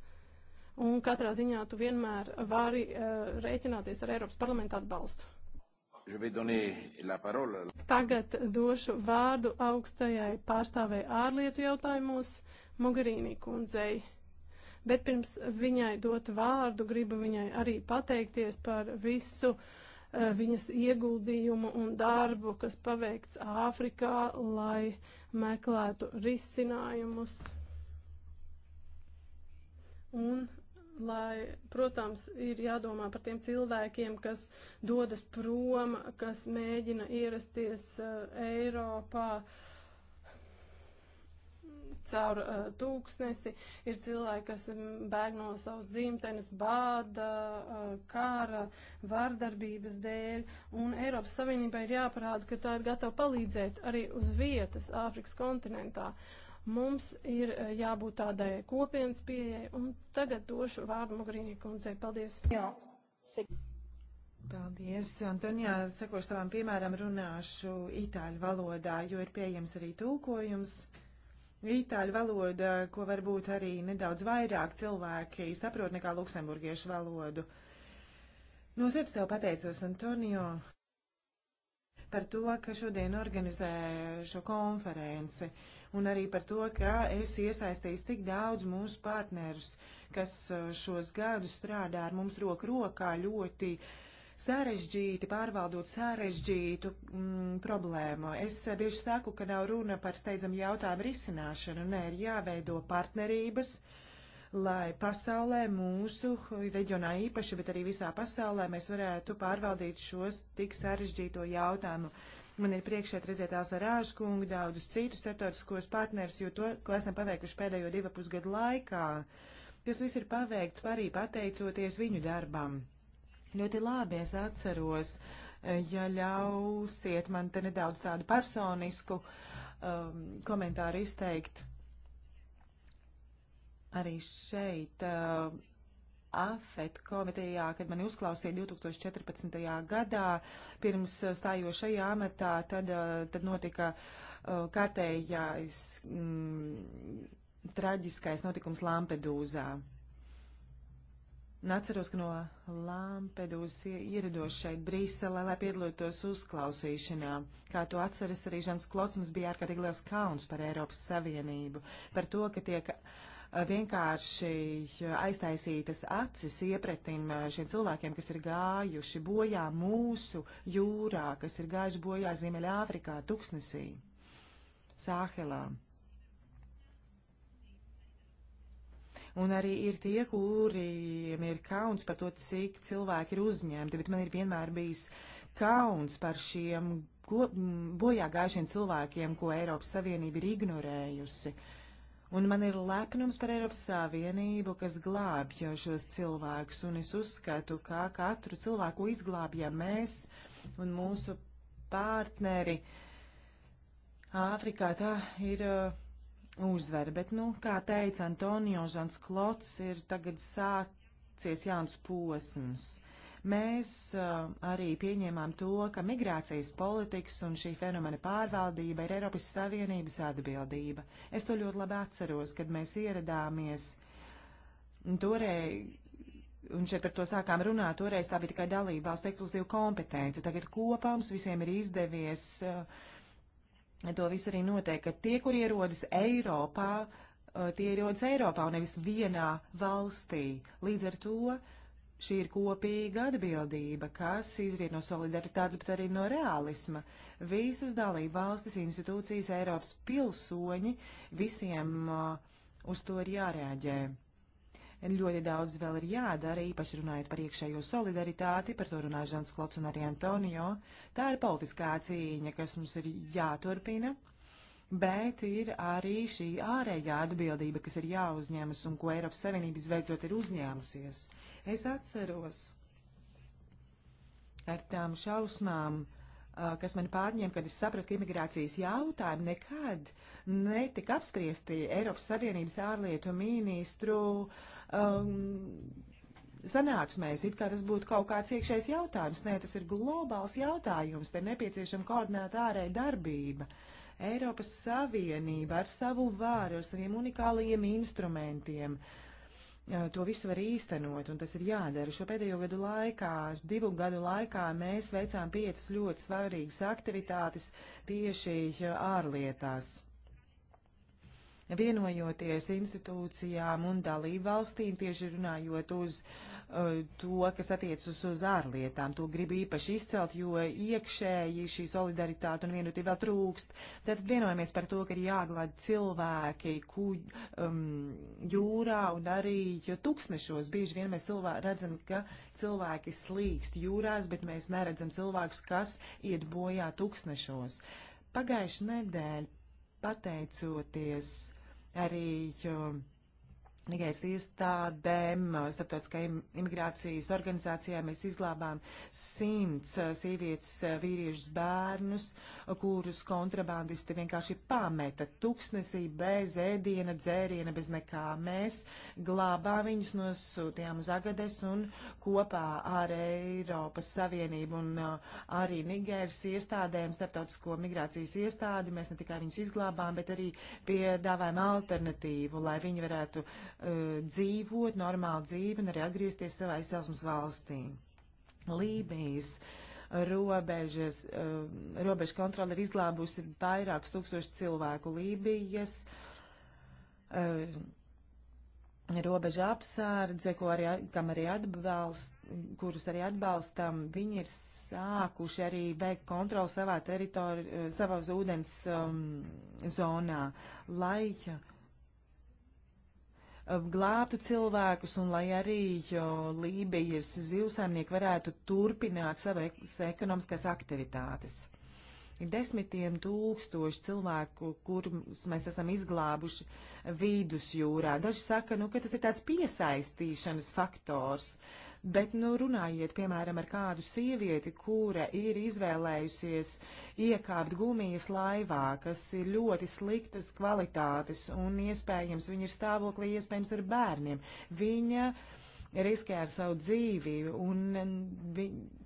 Un katrā ziņā tu vienmēr vari uh, rēķināties ar Eiropas parlamentu atbalstu. Tagad došu vārdu augstajai pārstāvēji ārlietu jautājumos Mogherīnī kundzei. Bet pirms viņai dot vārdu, gribu viņai arī pateikties par visu uh, viņas ieguldījumu un darbu, kas paveikts Āfrikā, lai meklētu risinājumus un lai, protams, ir jādomā par tiem cilvēkiem, kas dodas prom, kas mēģina ierasties uh, Eiropā caur uh, tūkstnesi, ir cilvēki, kas mm, bēg no savas dzimtenes bāda, uh, eh, kara, vārdarbības dēļ, un Eiropas Savienībai ir jāparāda, ka tā ir gatava palīdzēt arī uz vietas Āfrikas kontinentā. Uh, Mums ir eh, jābūt tādai kopienas pieejai, un tagad došu vārdu Mugrīnī kundzei. Paldies! Jā. Paldies, Antonijā. Sekošu tavam piemēram runāšu itāļu valodā, jo ir pieejams arī tulkojums. Itāļu valoda, ko varbūt arī nedaudz vairāk cilvēki saprot nekā luksemburgiešu valodu. No sirds tev pateicos, Antonio par to, ka šodien organizē šo konferenci un arī par to, ka es iesaistīju tik daudz mūsu partnerus, kas uh, šos gadus strādā ar mums roku rokā ļoti sarežģīti, pārvaldot sarežģītu mm, problēmu. Es uh, bieži saku, ka nav runa par steidzam jautājumu risināšanu, nē, ir jāveido partnerības. Uh, lai pasaulē mūsu reģionā īpaši, bet arī visā pasaulē mēs varētu pārvaldīt šos tik sarežģīto jautājumu. Man ir priekšēt redzēt Alsarāžu kungu, daudzus citus starptautiskos partnerus, jo to, ko esam paveikuši pēdējo divu pusgadu laikā, tas viss ir paveikts arī pateicoties viņu darbam. Ļoti labi es atceros, ja ļausiet man te nedaudz tādu personisku um, komentāru izteikt arī šeit uh, AFET komitejā, kad mani uzklausīja 2014. gadā, pirms uh, stājošajā amatā, tad, uh, tad notika uh, kārtējais mm, traģiskais notikums Lampedūzā. Atceros, ka no Lampedūzas ierados šeit Brīselē, lai piedalītos uzklausīšanā. Kā to atceras arī Žans Klots, mums bija ārkārtīgi liels kauns par Eiropas Savienību, par to, ka tiek uh, vienkārši eh, aiztaisītas acis iepretim eh, šiem cilvēkiem, kas ir gājuši bojā mūsu jūrā, kas ir gājuši bojā Ziemeļāfrikā, Tuksnesī, Sāhelā. Un arī ir tie, kuriem ir kauns par to, cik cilvēki ir uzņemti, bet man ir vienmēr bijis kauns par šiem go, bojā gājušiem cilvēkiem, ko Eiropas Savienība ir ignorējusi. Uh, Un man ir lepnums par Eiropas Savienību, kas glābj šos cilvēkus, un es uzskatu, ka katru cilvēku izglābjam mēs un mūsu partneri Āfrikā. Tā ir uh, uzvara, bet, nu, kā teica Antonio Žans Klots, ir tagad sācies jauns posms. Uh, Mēs arī pieņēmām to, ka migrācijas politikas un šī fenomena pārvaldība ir Eiropas Savienības atbildība. Es to ļoti labi atceros, kad mēs ieradāmies toreiz un šeit par to sākām runāt, toreiz tā bija tikai dalība valsts ekskluzīva kompetence. Tagad kopā mums visiem ir izdevies to visu arī noteikt, ka tie, kur ierodas Eiropā, tie ierodas Eiropā un nevis vienā valstī. Līdz ar to Šī ir kopīga atbildība, kas izriet no solidaritātes, bet arī no realisma. Visas dalība valstis, institūcijas, Eiropas pilsoņi, visiem uh, uz to ir jārēģē. Ļoti daudz vēl ir jādara, īpaši runājot par iekšējo solidaritāti, par to runā Žants Klots un arī Antonio. Tā ir politiskā cīņa, kas mums ir jāturpina bet ir arī šī ārējā atbildība, kas ir jāuzņemas un ko Eiropas Savienības beidzot ir uzņēmusies. Es atceros ar tām šausmām, kas man pārņēma, kad es sapratu, ka imigrācijas jautājumi nekad netika apspriesti Eiropas Savienības ārlietu ministru um, sanāksmēs, it kā tas būtu kaut kāds iekšējs jautājums. Nē, tas ir globāls jautājums, te nepieciešama koordinēta ārēja darbība. Uh, Eiropas Savienība ar savu vāru, ar saviem unikālajiem instrumentiem. To visu var īstenot, un tas ir jādara. Šo pēdējo gadu laikā, divu gadu laikā, mēs veicām piecas ļoti svarīgas aktivitātes tieši ārlietās. Vienojoties institūcijām un dalību valstīm, tieši runājot uz uh, Eh, to, kas attiecas uz ārlietām. To gribu īpaši izcelt, jo iekšēji šī solidaritāte un vienotība vēl trūkst. Tad vienojamies par to, ka ir jāglād cilvēki ku, um, jūrā un arī tūkstnešos. Bieži vien mēs cilvē, redzam, ka cilvēki slīkst jūrās, bet mēs neredzam cilvēkus, kas iet bojā tūkstnešos. Pagājuši nedēļ pateicoties arī. Um, Nigēras iestādēm, uh, starptautiskajai imigrācijas organizācijai mēs izglābām simts uh, sievietes, uh, vīriešus, bērnus, kurus kontrabandisti vienkārši pameta tuksnesī bez ēdiena, dzēriena, bez nekā. Mēs glābām viņus, nosūtījām uz Agades un kopā ar Eiropas Savienību un arī Nigēras iestādēm, starptautisko migrācijas iestādi, mēs ne tikai viņus izglābām, bet arī piedāvājām alternatīvu, lai viņi varētu Eh, dzīvot normālu dzīvi un arī atgriezties savā izcelsmes valstī. Lībijas robežas, eh, robeža kontrola ir izglābusi vairākus tūkstošus cilvēku Lībijas. Eh, robeža apsārdze, ko arī, kam arī atbalst, kurus arī atbalstam, viņi ir sākuši arī veikt kontroli savā teritorijā, savās ūdens um, zonā, lai uh, Um, glābtu cilvēkus un lai arī Lībijas zivsaimnieki varētu turpināt savas ekonomiskās aktivitātes desmitiem tūkstoši cilvēku, kurus mēs esam izglābuši vidusjūrā. Daži saka, nu, ka tas ir tāds piesaistīšanas faktors. Bet, nu, runājiet, piemēram, ar kādu sievieti, kura ir izvēlējusies iekāpt gumijas laivā, kas ir ļoti sliktas kvalitātes un iespējams viņa ir stāvoklī, iespējams ar bērniem. Viņa riskē ar savu dzīvi un mm, viņa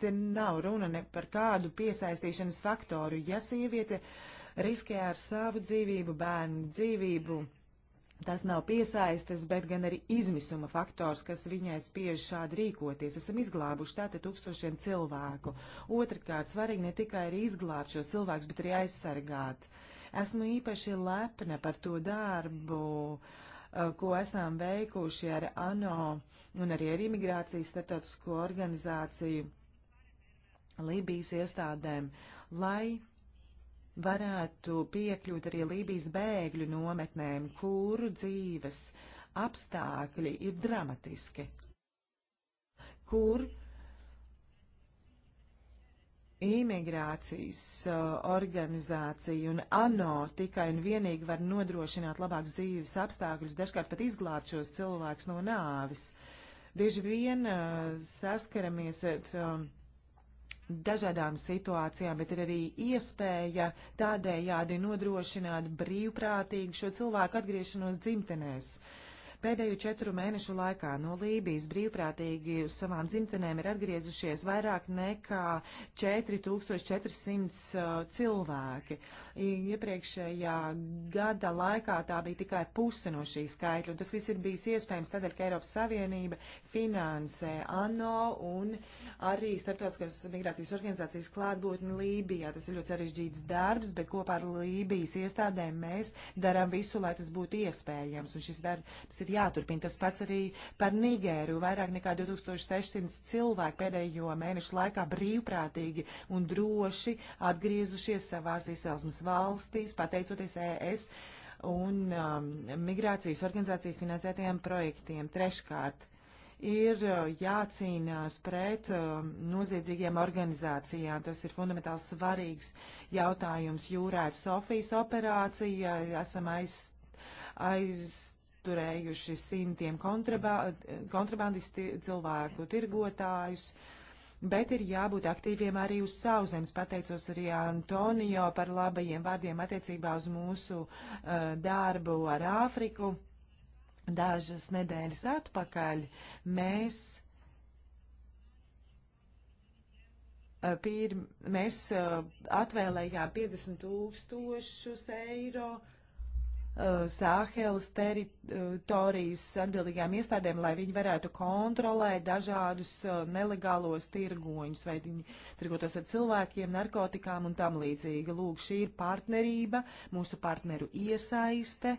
te nav runa ne par kādu piesaistīšanas faktoru. Ja sieviete riskē ar savu dzīvību, bērnu dzīvību, tas nav piesaistes, bet gan arī izmisuma faktors, kas viņai spiež šādi rīkoties. Esam izglābuši tātad tūkstošiem cilvēku. Otrakārt, svarīgi ne tikai ir izglābt šos cilvēkus, bet arī aizsargāt. Esmu īpaši lepna par to darbu. Uh, Eh, ko esam veikuši ar ANO un arī ar imigrācijas starptautisko organizāciju Lībijas iestādēm, lai varētu piekļūt arī Lībijas bēgļu nometnēm, kuru dzīves apstākļi ir dramatiski, kur imigrācijas uh, organizācija un ANO tikai un vienīgi var nodrošināt labākus dzīves apstākļus, dažkārt pat izglābt šos cilvēkus no nāvis. Bieži vien uh, saskaramies ar um, dažādām situācijām, bet ir arī iespēja tādējādi nodrošināt brīvprātīgu šo cilvēku atgriešanos dzimtenēs. Uh, Pēdējo četru mēnešu laikā no Lībijas brīvprātīgi uz savām dzimtenēm ir atgriezušies vairāk nekā 4400 uh, cilvēki. Iepriekšējā gada laikā tā bija tikai puse no šī skaitļa, un tas viss ir bijis iespējams tādēļ, ka Eiropas Savienība finansē ANO un arī Startautiskās migrācijas organizācijas klātbūtni Lībijā. Tas ir ļoti sarežģīts darbs, bet kopā ar Lībijas iestādēm mēs darām visu, lai tas būtu iespējams. Un šis darbs ir ir jāturpina. Tas pats arī par Nigēru. Vairāk nekā 2600 cilvēki pēdējo mēnešu laikā brīvprātīgi un droši atgriezušies savās izcelsmes valstīs, pateicoties ES un um, migrācijas organizācijas finansētajiem projektiem. Treškārt ir uh, jācīnās pret uh, noziedzīgiem organizācijām. Tas ir fundamentāli svarīgs jautājums. Jūrā ir Sofijas operācija, esam aiz, aiz aizturējuši simtiem kontraba kontrabandisti cilvēku tirgotājus. Bet ir jābūt aktīviem arī uz sauszemes. Pateicos arī Antonio par labajiem vārdiem attiecībā uz mūsu uh, darbu ar Āfriku. Dažas nedēļas atpakaļ mēs uh, Pīr, mēs uh, atvēlējām 50 tūkstošus eiro Uh, Sāhelas teritorijas uh, atbildīgām iestādēm, lai viņi varētu kontrolēt dažādus uh, nelegālos tirgoņus, vai viņi tirgotos ar cilvēkiem, narkotikām un tam līdzīgi. Lūk, šī ir partnerība, mūsu partneru iesaiste,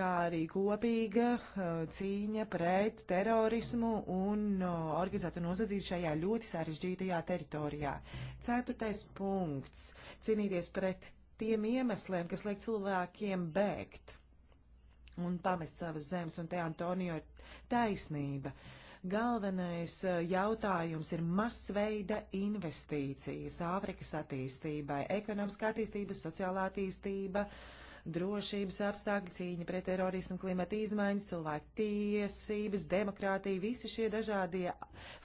kā arī kopīga cīņa pret terorismu un organizētu nozadzību šajā ļoti sarežģītajā teritorijā. Ceturtais punkts - cīnīties pret tiem iemesliem, kas liek cilvēkiem bēgt un pamest savas zemes, un te Antonio ir taisnība. Galvenais e, jautājums ir masveida investīcijas Āfrikas attīstībai, ekonomiskā attīstība, sociālā attīstība, uh, drošības apstākļi, cīņa pret terorismu, klimata izmaiņas, cilvēku tiesības, demokrātija, visi šie dažādie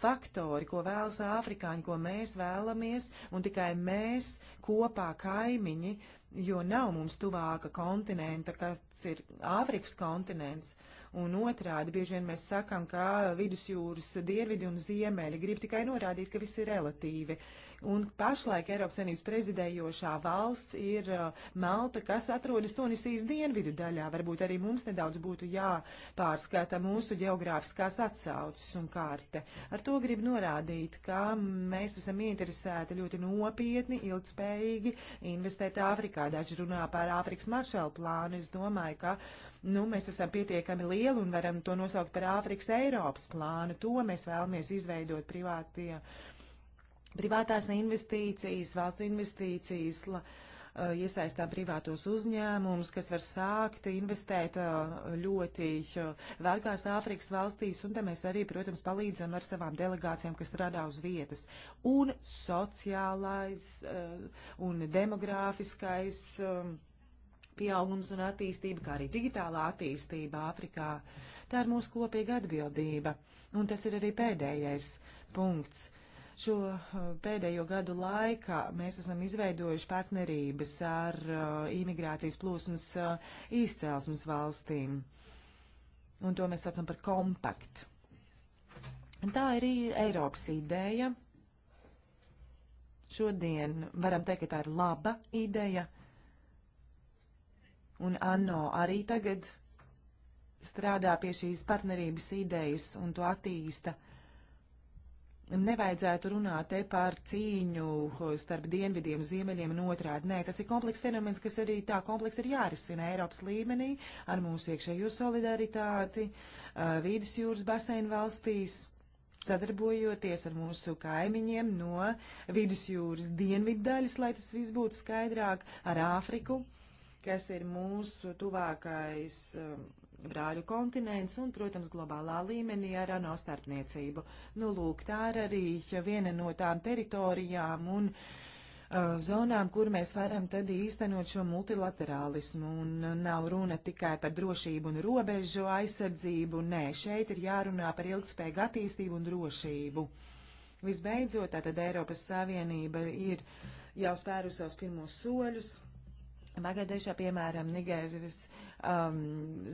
faktori, ko vēlas afrikāņi, ko mēs vēlamies, un tikai mēs kopā kaimiņi, jo nav mums tuvāka kontinenta, kas ir Āfrikas kontinents. Uh, un otrādi bieži vien mēs sakam, ka vidusjūras dienvidi un ziemeļi grib tikai norādīt, ka viss ir relatīvi. Un pašlaik Eiropas Savienības prezidējošā valsts ir uh, Malta, kas atrodas Tunisijas dienvidu daļā. Varbūt arī mums nedaudz būtu jāpārskata mūsu geogrāfiskās atsauces un kārte. Ar to gribu norādīt, ka mēs esam interesēti ļoti nopietni, ilgspējīgi investēt Āfrikā. Daži runā par Āfrikas maršalu plānu. Es domāju, ka nu, mēs esam pietiekami lieli un varam to nosaukt par Āfrikas Eiropas plānu. To mēs vēlamies izveidot privātie, privātās investīcijas, valsts investīcijas. La, eh, iesaistām privātos uzņēmumus, kas var sākt investēt eh, ļoti eh, vērgās Āfrikas valstīs, un te mēs arī, protams, palīdzam ar savām delegācijām, kas strādā uz vietas. Un sociālais un demogrāfiskais. Um, pieaugums un attīstība, kā arī digitālā attīstība Āfrikā. Tā ir mūsu kopīga atbildība, un tas ir arī pēdējais punkts. Šo uh, pēdējo gadu laikā mēs esam izveidojuši partnerības ar uh, imigrācijas plūsmas uh, izcelsmes valstīm, un to mēs saucam par kompaktu. Tā ir Eiropas ideja. Šodien varam teikt, ka tā ir laba ideja. Uh, un ANO arī tagad strādā pie šīs partnerības idejas un to attīsta. Nevajadzētu runāt te par cīņu starp dienvidiem, ziemeļiem un otrādi. Nē, tas ir komplekss fenomens, kas arī tā kompleks ir jārisina Eiropas līmenī ar mūsu iekšējo solidaritāti, vīdas jūras basēnu valstīs, sadarbojoties ar mūsu kaimiņiem no vidusjūras dienviddaļas, lai tas viss būtu skaidrāk, ar Āfriku. Uh, kas ir mūsu tuvākais um, brāļu kontinents un, protams, globālā līmenī ar ANO starpniecību. Nu, lūk, tā ir arī viena no tām teritorijām un uh, zonām, kur mēs varam tad īstenot šo multilaterālismu. Un uh, nav runa tikai par drošību un robežu aizsardzību, nē, šeit ir jārunā par ilgspējīgu attīstību un drošību. Visbeidzot, tātad Eiropas Savienība ir jau spērusi savus pirmos soļus, Bagadežā, piemēram, Nigēras um,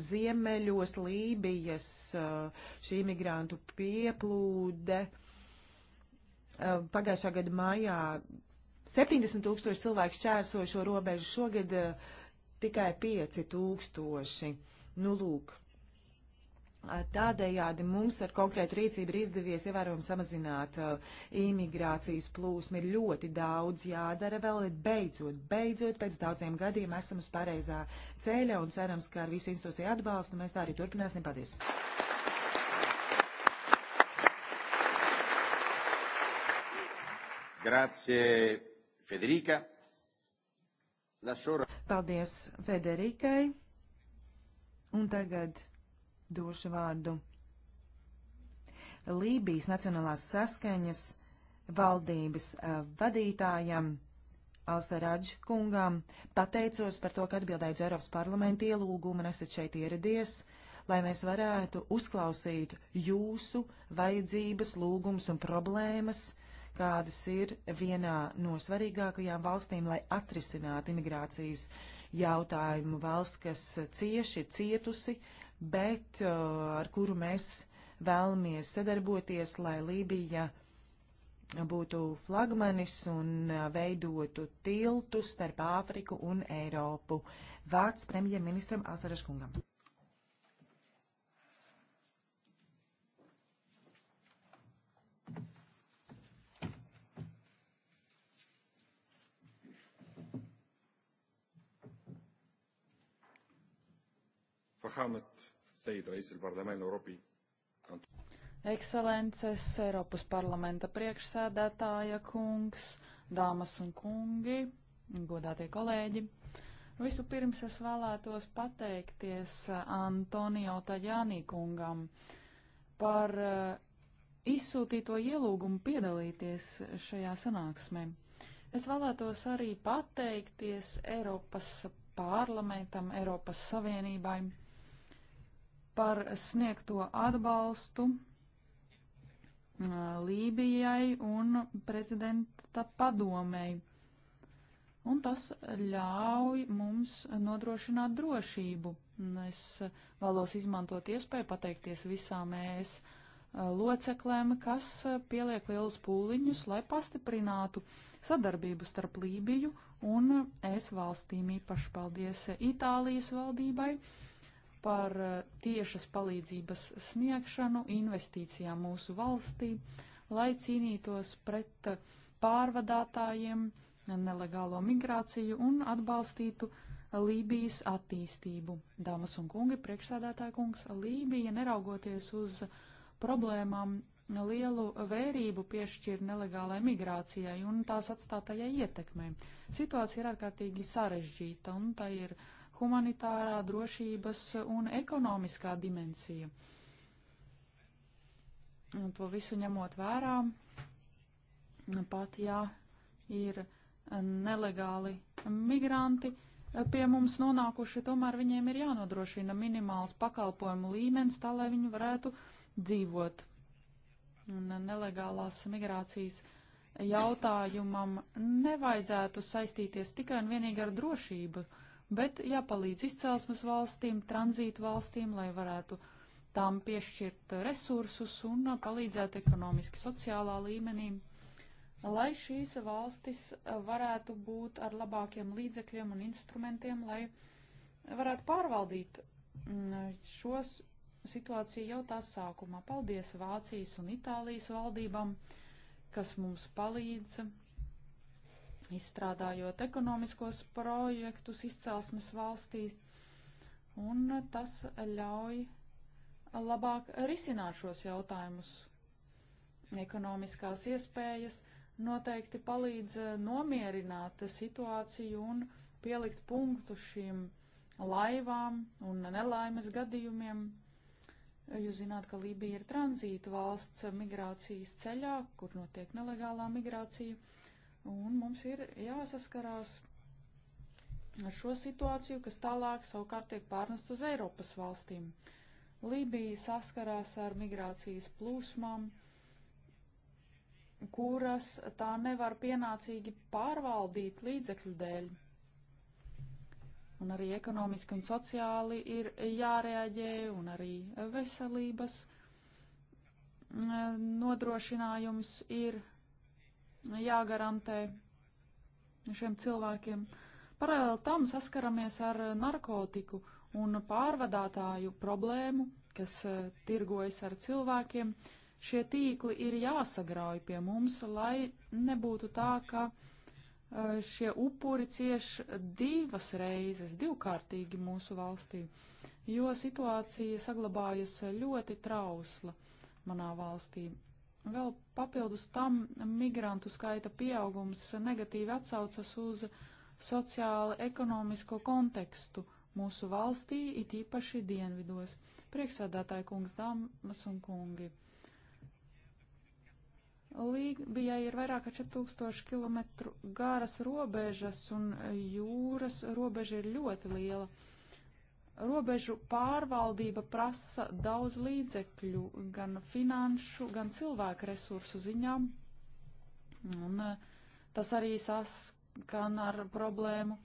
ziemeļos, Lībijas uh, šī imigrantu pieplūde. Uh, pagājušā gada maijā 70 tūkstoši cilvēku šķērsoja šo robežu, šogad uh, tikai 5 tūkstoši. Nu, lūk, Tādējādi mums ar konkrētu rīcību ir izdevies ievērojami samazināt uh, imigrācijas plūsmu. Ir ļoti daudz jādara vēl, ir beidzot, beidzot pēc daudziem gadiem esam uz pareizā ceļa un cerams, ka ar visu institūciju atbalstu mēs tā arī turpināsim. Paldies! Grazie, Federika. Šora... Paldies Federikai. Un tagad došu vārdu Lībijas Nacionālās saskaņas valdības uh, vadītājam Alsaraģ kungam. Pateicos par to, ka atbildēju uz Eiropas parlamentu ielūgumu un esat šeit ieradies, lai mēs varētu uzklausīt jūsu vajadzības, lūgums un problēmas, kādas ir vienā no svarīgākajām valstīm, lai atrisinātu imigrācijas jautājumu valsts, kas cieši ir cietusi bet uh, ar kuru mēs vēlamies sadarboties, lai Lībija būtu flagmanis un uh, veidotu tiltu starp Āfriku un Eiropu. Vārds premjerministram Asaraškungam. Programma السيد رئيس البرلمان الأوروبي Ekscelences, Eiropas parlamenta priekšsēdētāja kungs, dāmas un kungi, godātie kolēģi. Vispirms es vēlētos pateikties eh, Antonio Tajānī kungam par eh, izsūtīto ielūgumu piedalīties šajā sanāksmē. Es vēlētos arī pateikties Eiropas parlamentam, Eiropas Savienībai par sniegto atbalstu Lībijai un prezidenta padomēji. Un tas ļauj mums nodrošināt drošību. Es vēlos izmantot iespēju pateikties visām mēs loceklēm, kas pieliek lielus pūliņus, lai pastiprinātu sadarbību starp Lībiju un es valstīm īpaši paldies Itālijas valdībai par eh, tiešas palīdzības sniegšanu, investīcijām mūsu valstī, lai cīnītos pret eh, pārvadātājiem, nelegālo migrāciju un atbalstītu eh, Lībijas attīstību. Dāmas un kungi, priekšsēdētāja kungs, Lībija neraugoties uz problēmām lielu vērību piešķir nelegālai migrācijai un tās atstātajai ietekmei. Situācija ir ārkārtīgi sarežģīta un tā ir uh, humanitārā drošības un ekonomiskā dimensija. Un to visu ņemot vērā, pat ja ir nelegāli migranti pie mums nonākuši, tomēr viņiem ir jānodrošina minimāls pakalpojumu līmenis, tā lai viņi varētu dzīvot. Un nelegālās migrācijas jautājumam nevajadzētu saistīties tikai un vienīgi ar drošību. Uh, bet jāpalīdz izcelsmes valstīm, tranzītu valstīm, lai varētu tām piešķirt resursus un palīdzēt ekonomiski, sociālā līmenī, lai šīs valstis varētu būt ar labākiem līdzekļiem un instrumentiem, lai varētu pārvaldīt mm, šos situāciju jau tā sākumā. Paldies Vācijas un Itālijas valdībām, kas mums palīdz izstrādājot ekonomiskos projektus izcelsmes valstīs, un tas ļauj labāk risināt šos jautājumus. Ekonomiskās iespējas noteikti palīdz eh, nomierināt situāciju un pielikt punktu šīm laivām un nelaimes gadījumiem. Jūs zināt, ka Lībija ir tranzīta valsts migrācijas ceļā, kur notiek nelegālā migrācija. Un mums ir jāsaskarās ar šo situāciju, kas tālāk savukārt tiek pārnest uz Eiropas valstīm. Lībija saskarās ar migrācijas plūsmām, kuras tā nevar pienācīgi pārvaldīt līdzekļu dēļ. Un arī ekonomiski un sociāli ir jārēģē, un arī veselības mm, nodrošinājums ir Nu, jāgarantē šiem cilvēkiem. Paralēli tam saskaramies ar narkotiku un pārvadātāju problēmu, kas e, tirgojas ar cilvēkiem. Šie tīkli ir jāsagrauj pie mums, lai nebūtu tā, ka e, šie upuri cieš divas reizes, divkārtīgi mūsu valstī, jo situācija saglabājas ļoti trausla manā valstī. Vēl papildus tam migrantu skaita pieaugums negatīvi atsaucas uz sociāli ekonomisko kontekstu mūsu valstī, it īpaši dienvidos. Prieksēdētāji kungs, dāmas un kungi. Lībijai ir vairāk kā 4000 km garas robežas, un jūras robeža ir ļoti liela. Robežu pārvaldība prasa daudz līdzekļu, gan finanšu, gan cilvēku resursu ziņā. Un eh, tas arī saskan ar problēmu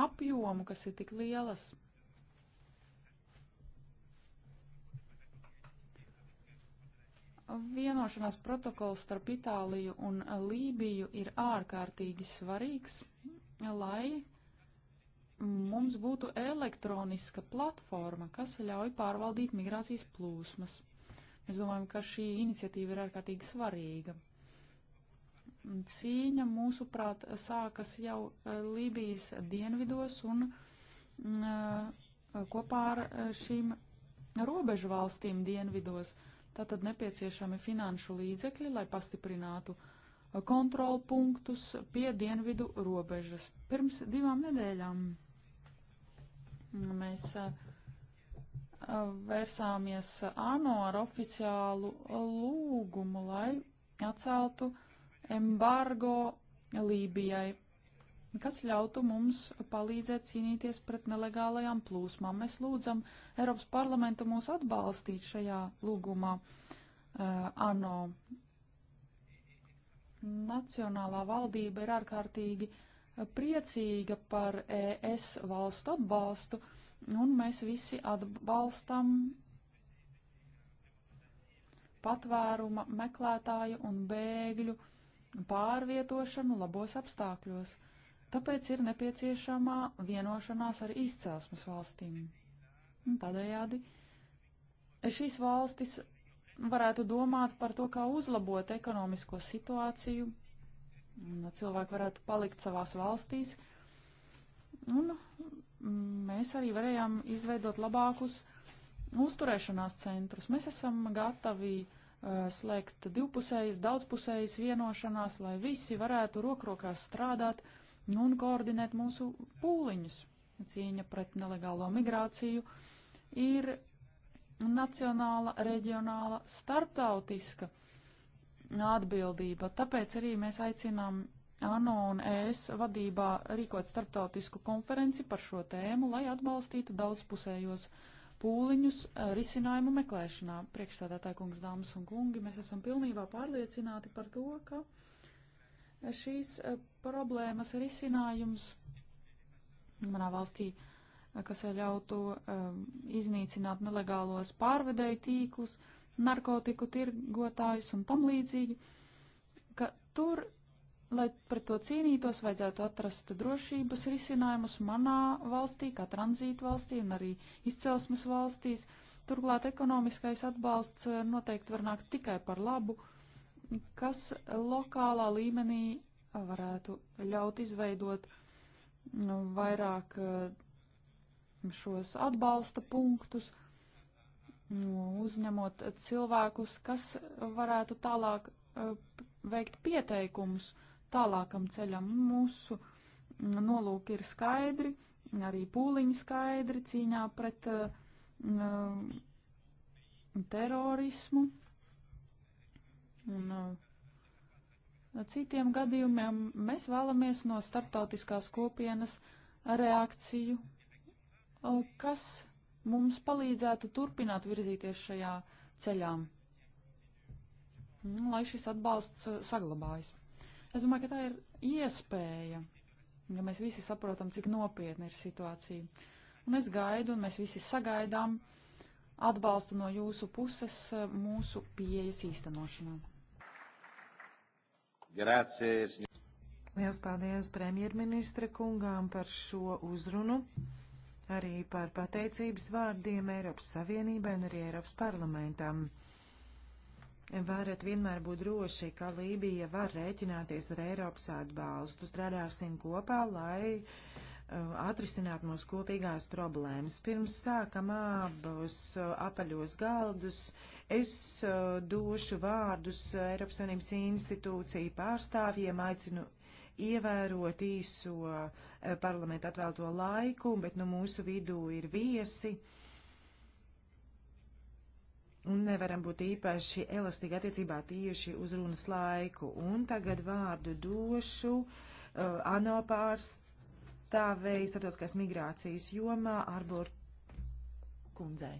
apjomu, kas ir tik lielas. Vienošanās protokols starp Itāliju un Lībiju ir ārkārtīgi svarīgs, lai mums būtu elektroniska platforma, kas ļauj pārvaldīt migrācijas plūsmas. Mēs domājam, ka šī iniciatīva ir ārkārtīgi svarīga. Cīņa, mūsuprāt, sākas jau eh, Lībijas dienvidos un eh, kopā ar eh, šīm robežu valstīm dienvidos. Tātad nepieciešami finanšu līdzekļi, lai pastiprinātu kontrolpunktus pie dienvidu robežas. Pirms divām nedēļām Mēs eh, eh, vērsāmies ANO ar oficiālu lūgumu, lai atceltu embargo Lībijai, kas ļautu mums palīdzēt cīnīties pret nelegālajām plūsmām. Mēs lūdzam Eiropas parlamentu mūs atbalstīt šajā lūgumā uh, ANO. Nacionālā valdība ir ārkārtīgi uh, priecīga par ES valstu atbalstu, un mēs visi atbalstam patvēruma meklētāju un bēgļu pārvietošanu labos apstākļos. Tāpēc ir nepieciešama vienošanās ar izcelsmes valstīm. Un tādējādi šīs valstis varētu domāt par to, kā uzlabot ekonomisko situāciju Nu, cilvēki varētu palikt savās valstīs. Un mm, mēs arī varējām izveidot labākus uzturēšanās centrus. Mēs esam gatavi uh, slēgt divpusējas, daudzpusējas vienošanās, lai visi varētu rokrokās strādāt un koordinēt mūsu pūliņus. Cīņa pret nelegālo migrāciju ir nacionāla, reģionāla, starptautiska atbildība. Tāpēc arī mēs aicinām ANO un ES vadībā rīkot starptautisku konferenci par šo tēmu, lai atbalstītu daudzpusējos pūliņus eh, risinājumu meklēšanā. Priekšsādātāji kungs, dāmas un kungi, mēs esam pilnībā pārliecināti par to, ka šīs eh, problēmas risinājums manā valstī, eh, kas ļautu um, iznīcināt nelegālos pārvedēju tīklus, uh, narkotiku tirgotājus un tam līdzīgi, ka tur, lai pret to cīnītos, vajadzētu atrast drošības risinājumus manā valstī, kā tranzītu valstī un arī izcelsmes valstīs. Turklāt ekonomiskais atbalsts eh, noteikti var nākt tikai par labu, kas lokālā līmenī eh, varētu ļaut izveidot mm, vairāk eh, šos atbalsta punktus – Nu, uzņemot cilvēkus, kas varētu tālāk eh, veikt pieteikumus tālākam ceļam. Mūsu nolūki ir skaidri, arī pūliņi skaidri cīņā pret uh, terorismu un uh, citiem gadījumiem. Mēs vēlamies no starptautiskās kopienas reakciju, uh, kas mums palīdzētu turpināt virzīties šajā ceļā, nu, lai šis atbalsts uh, saglabājas. Es domāju, ka tā ir iespēja, ja mēs visi saprotam, cik nopietna ir situācija. Un es gaidu, un mēs visi sagaidām atbalstu no jūsu puses uh, mūsu pieejas īstenošanā. Grācies. Liels paldies premjerministra kungām par šo uzrunu arī par pateicības vārdiem Eiropas Savienībai un arī Eiropas parlamentam. Varat vienmēr būt droši, ka Lībija var rēķināties ar Eiropas atbalstu. Strādāsim kopā, lai uh, atrisināt mūsu kopīgās problēmas. Pirms sākam abus uh, apaļos galdus, es uh, došu vārdus Eiropas Savienības institūciju pārstāvjiem, aicinu ievērot īso eh, parlamentu atvēlto laiku, bet nu mūsu vidū ir viesi. Un nevaram būt īpaši elastīgi attiecībā tieši uz runas laiku. Un tagad vārdu došu uh, ANO pārstāvēji starptautiskās migrācijas jomā Arbor kundzei.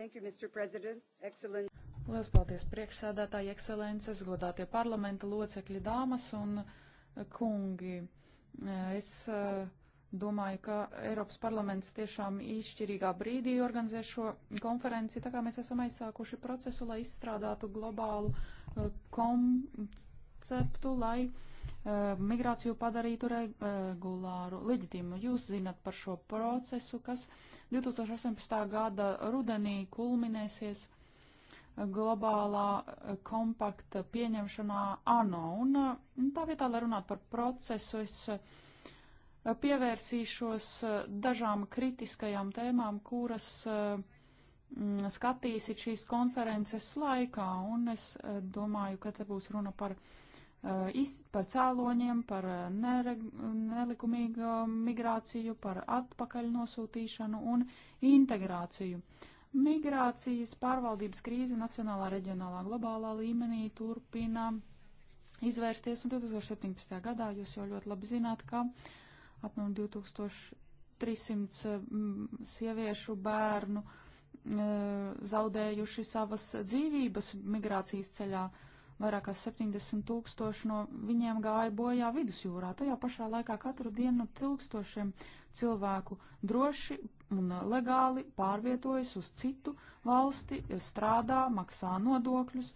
Thank you, Mr. President. Excellent. Lielas paldies priekšsēdētāji, ekscelences, godātie parlamenta locekļi, dāmas un kungi. Es eh, domāju, ka Eiropas parlaments tiešām izšķirīgā brīdī organizē šo konferenci, tā kā mēs esam aizsākuši procesu, lai izstrādātu globālu eh, konceptu, lai uh, Eh, migrāciju padarītu eh, regulāru, leģitīmu. Jūs zinat par šo procesu, kas 2018. gada rudenī kulminēsies eh, globālā kompakta pieņemšanā ANO. Un tā vietā, lai runātu par procesu, es pievērsīšos dažām kritiskajām tēmām, kuras mm, skatīsit šīs konferences laikā, un es domāju, ka te būs runa par Uh, par cēloņiem, par uh, nelikumīgu migrāciju, par atpakaļ nosūtīšanu un integrāciju. Migrācijas pārvaldības krīze nacionālā, reģionālā, globālā līmenī turpina izvērsties, un 2017. gadā jūs jau ļoti labi zināt, ka apmēram 2300 mm, sieviešu bērnu mm, zaudējuši savas dzīvības migrācijas ceļā. Uh, Vairāk kā 70 tūkstoši no viņiem gāja bojā vidusjūrā. Tajā pašā laikā katru dienu tūkstošiem cilvēku droši un legāli pārvietojas uz citu valsti, strādā, maksā nodokļus,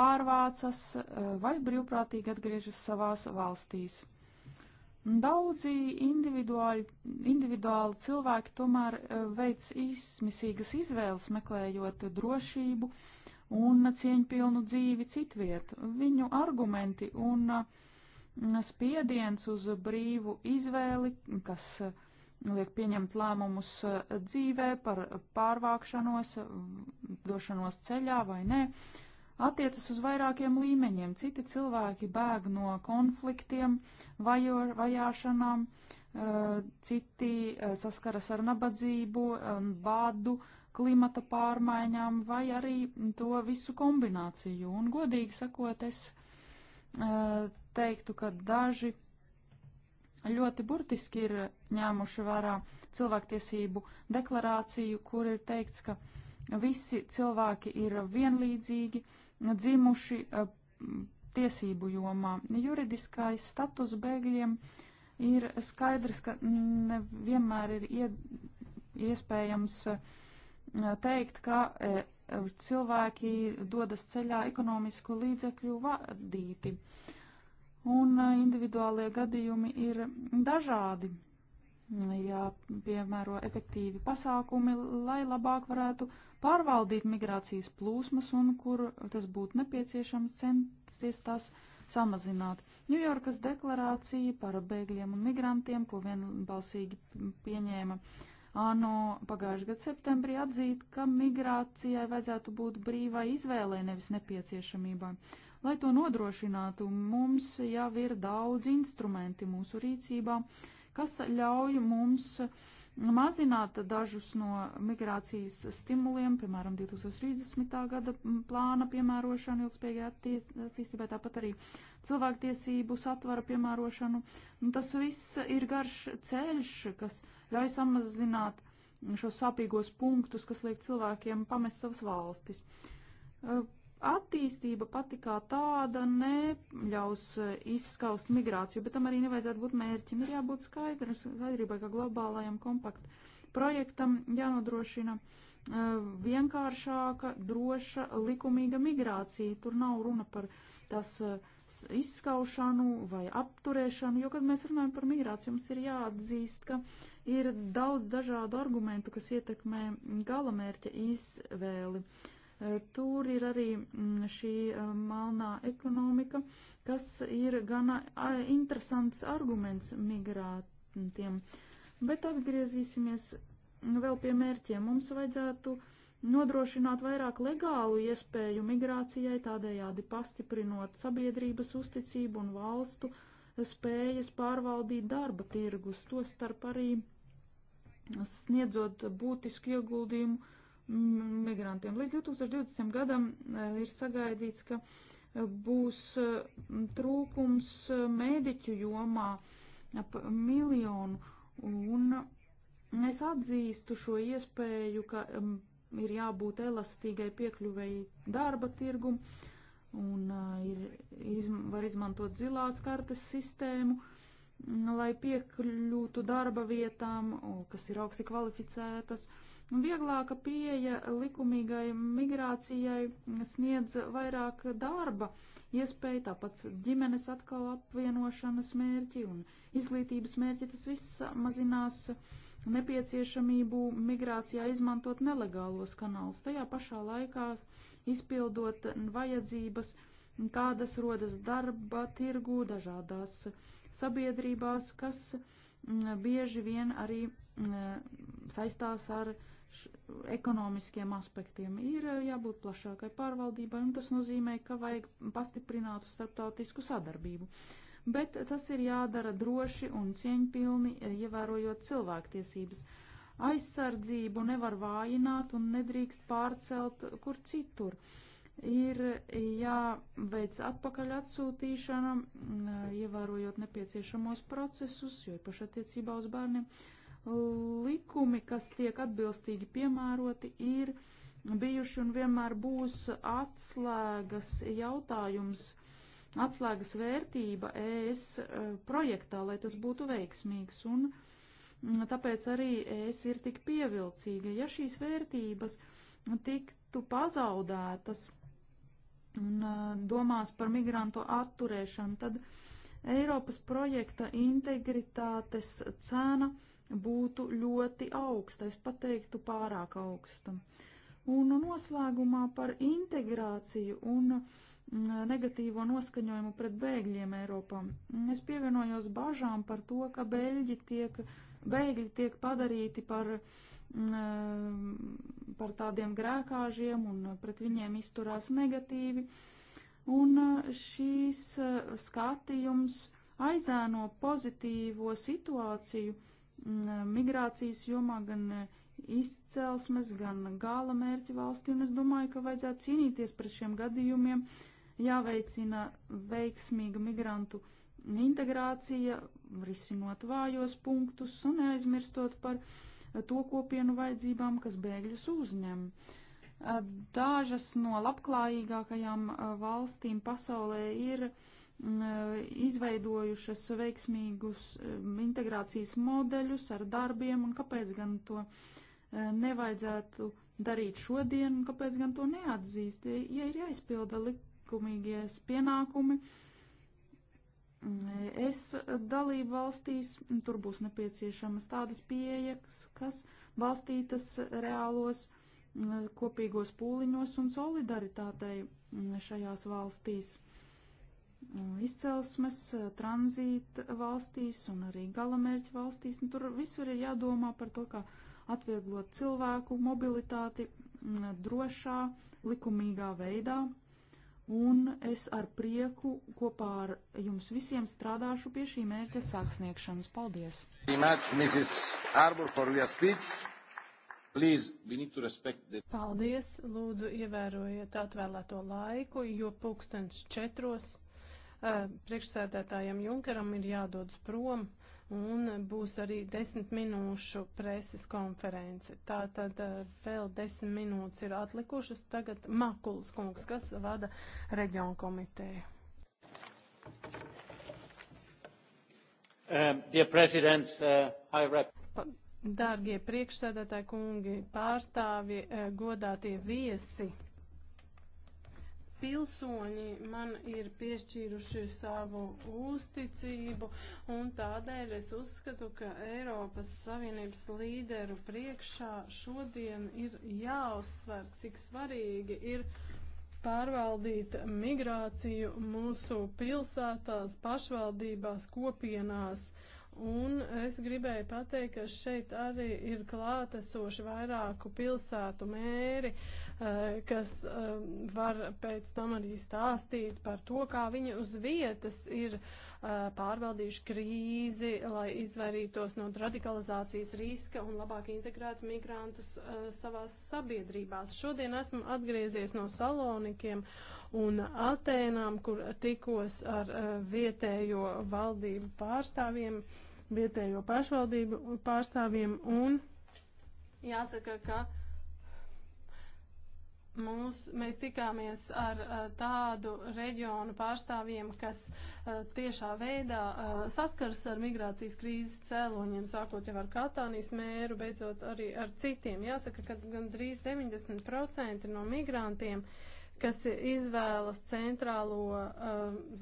pārvācas eh, vai brīvprātīgi atgriežas savās valstīs. Daudzi individuāli, individuāli cilvēki tomēr eh, veic izmisīgas izvēles, meklējot drošību un cieņpilnu dzīvi citviet. Viņu argumenti un mm, spiediens uz brīvu izvēli, kas mm, liek pieņemt lēmumus mm, dzīvē par pārvākšanos, došanos ceļā vai nē, attiecas uz vairākiem līmeņiem. Citi cilvēki bēg no konfliktiem, vajor, vajāšanām, citi saskaras ar nabadzību, bādu, klimata pārmaiņām, vai arī to visu kombināciju. Un, godīgi sakot, es teiktu, ka daži ļoti burtiski ir ņēmuši vērā cilvēktiesību deklarāciju, kur ir teikts, ka visi cilvēki ir vienlīdzīgi dzimuši tiesību jomā. Juridiskais status bēgļiem ir skaidrs, ka nevienmēr ir iespējams uh, teikt, ka e, cilvēki dodas ceļā ekonomisku līdzekļu vadīti. Un e, individuālie gadījumi ir dažādi. Jāpiemēro efektīvi pasākumi, lai labāk varētu pārvaldīt migrācijas plūsmas un, kur tas būtu nepieciešams, censties tās samazināt. Ņujorkas deklarācija par bēgļiem un migrantiem, ko vienbalsīgi pieņēma uh, ANO pagājušajā gadā septembrī atzīt, ka migrācijai vajadzētu būt brīvai izvēlei, nevis nepieciešamībai. Lai to nodrošinātu, mums jau ir daudz instrumenti mūsu rīcībā, kas ļauj mums mazināt dažus no migrācijas stimuliem, piemēram, 2030. gada plāna piemērošanu ilgspējīgai attīstībai, tāpat arī cilvēktiesību satvara piemērošanu. Un tas viss ir garš ceļš, kas ļauj samazināt šos sāpīgos punktus, kas liek cilvēkiem pamest savas valstis. Attīstība pati kā tāda neļaus izskaust migrāciju, bet tam arī nevajadzētu būt mērķim. Ir jābūt skaidrs, skaidrībai, ka globālajam kompaktu projektam jānodrošina vienkāršāka, droša, likumīga migrācija. Tur nav runa par tās izskaušanu vai apturēšanu, jo, kad mēs runājam par migrāciju, mums ir jāatzīst, ka uh, Ir daudz dažādu argumentu, kas ietekmē galamērķa izvēli. E, tur ir arī mm, šī e, melnā ekonomika, kas ir gana interesants arguments migrātiem. Bet atgriezīsimies vēl pie mērķiem. Mums vajadzētu nodrošināt vairāk legālu iespēju migrācijai, tādējādi pastiprinot sabiedrības uzticību un valstu uh, spējas pārvaldīt darba tirgus, to starp arī sniedzot būtisku ieguldījumu migrantiem. Līdz 2020. gadam e, ir sagaidīts, ka e, būs e, trūkums mēdiķu jomā ap miljonu, un es atzīstu šo iespēju, ka ir jābūt elastīgai piekļuvēji darba tirgumu un ir, izm var izmantot zilās kartes sistēmu, lai piekļūtu darba vietām, kas ir augsti kvalificētas. Vieglāka pieeja likumīgai migrācijai sniedz vairāk darba iespēju, tāpat ģimenes atkal apvienošanas mērķi un izglītības mērķi. Tas viss mazinās nepieciešamību migrācijā izmantot nelegālos kanālus. Tajā pašā laikā uh, izpildot vajadzības, kādas rodas darba tirgū dažādās sabiedrībās, kas mm, bieži vien arī mm, saistās ar ekonomiskiem aspektiem. Ir eh, jābūt plašākai pārvaldībai, un tas nozīmē, ka vajag pastiprinātu starptautisku sadarbību. Bet tas ir jādara droši un cieņpilni, eh, ievērojot cilvēktiesības aizsardzību nevar vājināt un nedrīkst pārcelt kur citur. Ir jāveic atpakaļ atsūtīšana, ievērojot nepieciešamos procesus, jo īpaši attiecībā uz bērniem likumi, kas tiek atbilstīgi piemēroti, ir bijuši un vienmēr būs atslēgas jautājums, atslēgas vērtība ES eh, projektā, lai tas būtu veiksmīgs. Un, uh, tāpēc arī es ir tik pievilcīga. Ja šīs vērtības tiktu pazaudētas un domās par migrantu atturēšanu, tad Eiropas projekta integritātes cena būtu ļoti augsta, es pateiktu pārāk augsta. Un noslēgumā par integrāciju un negatīvo noskaņojumu pret bēgļiem Eiropā. Es pievienojos bažām par to, ka bēļģi tiek uh, bēgļi tiek padarīti par, mm, eh, par tādiem grēkāžiem un pret viņiem izturās negatīvi. Un eh, šīs eh, skatījums aizēno pozitīvo situāciju mm, migrācijas jomā gan izcelsmes, gan gala mērķa valsti, un es domāju, ka vajadzētu cīnīties par šiem gadījumiem, jāveicina veiksmīga migrantu uh, integrācija, risinot vājos punktus un neaizmirstot par to kopienu vajadzībām, kas bēgļus uzņem. Dažas no labklājīgākajām valstīm pasaulē ir izveidojušas veiksmīgus integrācijas modeļus ar darbiem, un kāpēc gan to nevajadzētu darīt šodien, un kāpēc gan to neatzīst, ja ir jāizpilda likumīgies pienākumi, uh, Mm. Es dalību valstīs tur būs nepieciešamas tādas pieejas, kas balstītas reālos mm, kopīgos pūliņos un solidaritātei mm, šajās valstīs. Izcelsmes, tranzīta valstīs un arī galamērķa valstīs. Un tur visur ir jādomā par to, kā atvieglot cilvēku mobilitāti drošā, likumīgā veidā un es ar prieku kopā ar jums visiem strādāšu pie šī mērķa sāksniegšanas. Paldies! Please, the... Paldies, lūdzu, ievērojiet atvēlēto laiku, jo pulkstens četros uh, eh, priekšsēdētājiem Junkeram ir jādodas prom un būs arī desmit minūšu preses konference. Tā tad eh, vēl desmit minūtes ir atlikušas. Tagad Makuls kungs, kas vada reģionu komiteju. Um, uh, pa, Dārgie priekšsēdētāji kungi, pārstāvji, eh, godātie viesi pilsoņi man ir piešķīruši savu uzticību, un tādēļ es uzskatu, ka Eiropas Savienības līderu priekšā šodien ir jāuzsver, cik svarīgi ir pārvaldīt migrāciju mūsu pilsētās, pašvaldībās, kopienās. Un es gribēju pateikt, ka šeit arī ir klātesoši vairāku pilsētu mēri, uh, Eh, kas eh, var pēc tam arī stāstīt par to, kā viņi uz vietas ir eh, pārvaldījuši krīzi, lai izvairītos no radikalizācijas riska un labāk integrētu migrantus savās sabiedrībās. Šodien esmu atgriezies no Salonikiem un Atēnām, kur tikos ar vietējo valdību pārstāvjiem, vietējo pašvaldību pārstāvjiem un jāsaka, ka Mūs, mēs tikāmies ar uh, tādu reģionu pārstāvjiem, kas uh, tiešā veidā uh, saskars ar migrācijas krīzes cēloņiem, sākot jau ar Katānijas mēru, beidzot arī ar citiem. Jāsaka, ka gandrīz 90% no migrantiem uh, kas izvēlas centrālo uh,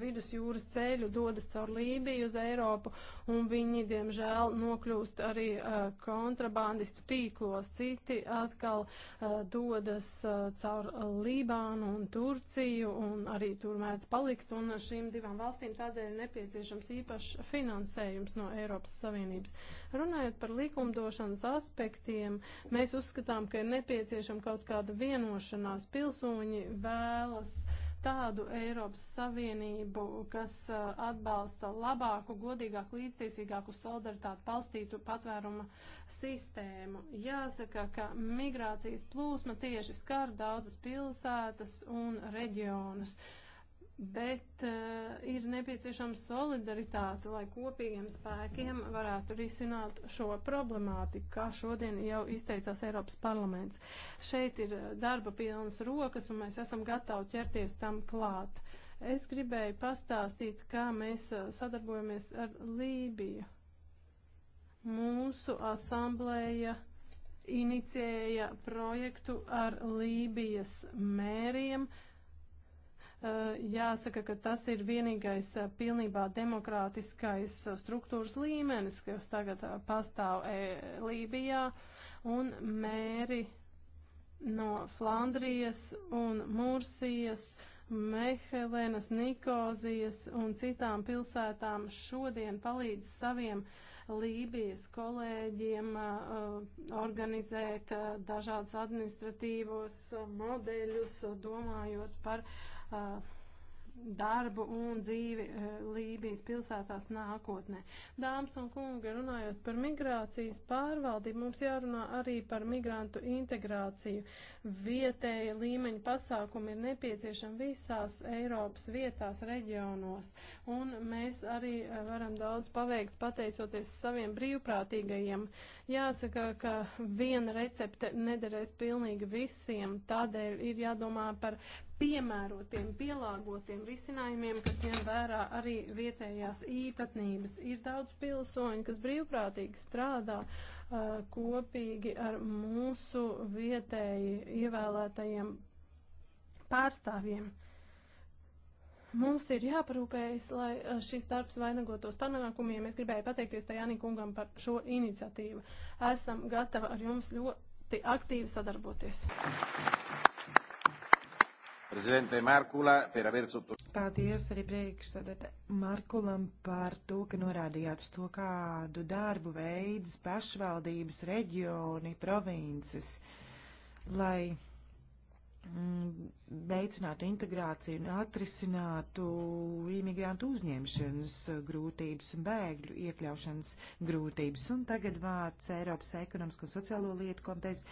vidusjūras ceļu, dodas caur Lībiju uz Eiropu, un viņi, diemžēl, nokļūst arī uh, kontrabandistu tīklos. Citi atkal uh, dodas uh, caur Lībānu un Turciju, un arī tur mēdz palikt, un šīm divām valstīm tādēļ nepieciešams īpašs finansējums no Eiropas Savienības. Runājot par likumdošanas aspektiem, mēs uzskatām, ka ir nepieciešama kaut kāda vienošanās pilsoņi vēlas tādu Eiropas Savienību, kas uh, atbalsta labāku, godīgāku, līdztiesīgāku solidaritāti palstītu patvērumu sistēmu. Jāsaka, ka migrācijas plūsma tieši skar daudzas pilsētas un reģionus. Uh, bet uh, ir nepieciešama solidaritāte, lai kopīgiem spēkiem varētu risināt šo problemātiku, kā šodien jau izteicās Eiropas parlaments. Šeit ir eh, darba pilnas rokas, un mēs esam gatavi ķerties tam klāt. Es gribēju pastāstīt, kā mēs eh, sadarbojamies ar Lībiju. Mūsu asamblēja inicijēja projektu ar Lībijas mēriem, uh, Eh, jāsaka, ka tas ir vienīgais eh, pilnībā demokrātiskais eh, struktūras līmenis, kas tagad pastāv Lībijā, un mēri no Flandrijas un Mursijas, Mehelenas, Nikozijas un citām pilsētām šodien palīdz saviem uh, Lībijas kolēģiem organizēt dažādas administratīvos modeļus, domājot par darbu un dzīvi Lībijas pilsētās nākotnē. Dāmas un kungi, runājot par migrācijas pārvaldību, mums jārunā arī par migrantu integrāciju. Vietēja līmeņa pasākumi ir nepieciešami visās Eiropas vietās, reģionos, un mēs arī varam daudz paveikt pateicoties saviem brīvprātīgajiem. Jāsaka, ka viena recepte nederēs pilnīgi visiem, tādēļ ir jādomā par piemērotiem, pielāgotiem risinājumiem, kas ņem vērā arī vietējās īpatnības. Ir daudz pilsoņu, kas brīvprātīgi strādā uh, kopīgi ar mūsu vietēji ievēlētajiem pārstāvjiem. Mums ir jāparūpējas, lai šis darbs vainagotos panākumiem. Es gribēju pateikties Tajānī kungam par šo iniciatīvu. Esam gatavi ar jums ļoti aktīvi sadarboties. Prezidente Markula par aver sotto. Paldies arī priekšsēdētājai Markulam par to, ka norādījāt uz to, kādu darbu veids pašvaldības reģioni, provinces, lai mm, veicinātu integrāciju un atrisinātu imigrantu uzņemšanas grūtības un bēgļu iekļaušanas grūtības. Un tagad vārds Eiropas ekonomisko un sociālo lietu komitejas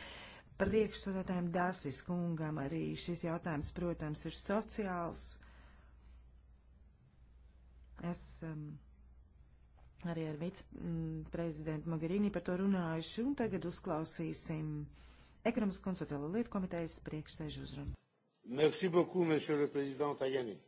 priekšsādātājiem Dāsis kungam. Arī šis jautājums, protams, ir sociāls. Esam um, arī ar viceprezidentu Mogherini par to runājuši, un tagad uzklausīsim ekonomisko un sociālo lietu komitejas priekšsēžu uzrunu. Merci beaucoup, monsieur le président Tajani.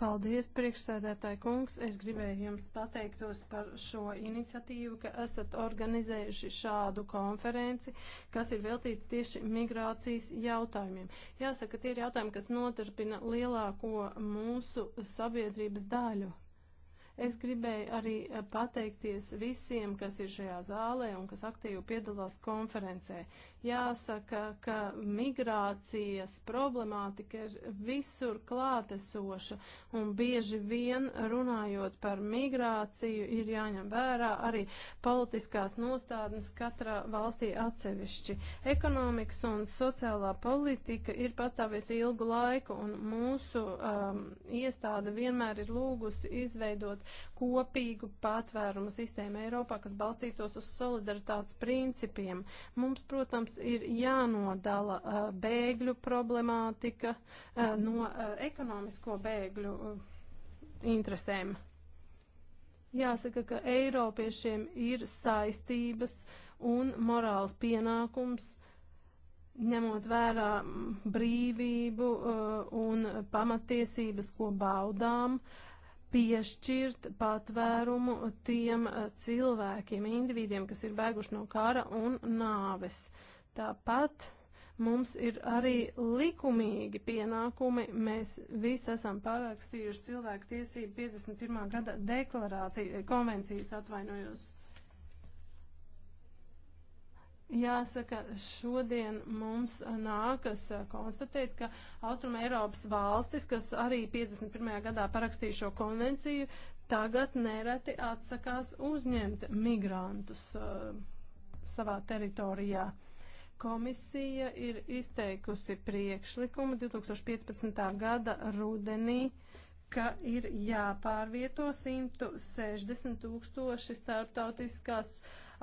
Paldies, priekšsēdētāji kungs. Es gribēju jums pateiktos par šo iniciatīvu, ka esat organizējuši šādu konferenci, kas ir veltīta tieši migrācijas jautājumiem. Jāsaka, tie ir jautājumi, kas notarpina lielāko mūsu sabiedrības daļu. Es gribēju arī pateikties visiem, kas ir šajā zālē un kas aktīvi piedalās konferencē. Jāsaka, ka migrācijas problemātika ir visur klātesoša, un bieži vien runājot par migrāciju ir jāņem vērā arī politiskās nostādnes katrā valstī atsevišķi. Ekonomikas un sociālā politika ir pastāvējusi ilgu laiku, un mūsu um, iestāde vienmēr ir lūgusi izveidot kopīgu patvērumu sistēmu Eiropā, kas balstītos uz solidaritātes principiem. Mums, protams, mums ir jānodala bēgļu problemātika no ekonomisko bēgļu interesēm. Jāsaka, ka Eiropiešiem ir saistības un morāls pienākums ņemot vērā brīvību un pamatiesības, ko baudām, piešķirt patvērumu tiem cilvēkiem, individiem, kas ir bēguši no kara un nāves. Uh, Tāpat mums ir arī likumīgi pienākumi. Mēs visi esam pārrakstījuši cilvēku tiesību 51. gada deklarāciju, eh, konvencijas atvainojos. Jāsaka, šodien mums nākas eh, konstatēt, ka Austruma Eiropas valstis, kas arī 51. gadā parakstīja šo konvenciju, tagad nereti atsakās uzņemt migrantus uh, savā teritorijā. Uh, Komisija ir izteikusi priekšlikumu 2015. gada rudenī, ka ir jāpārvieto 160 tūkstoši starptautiskās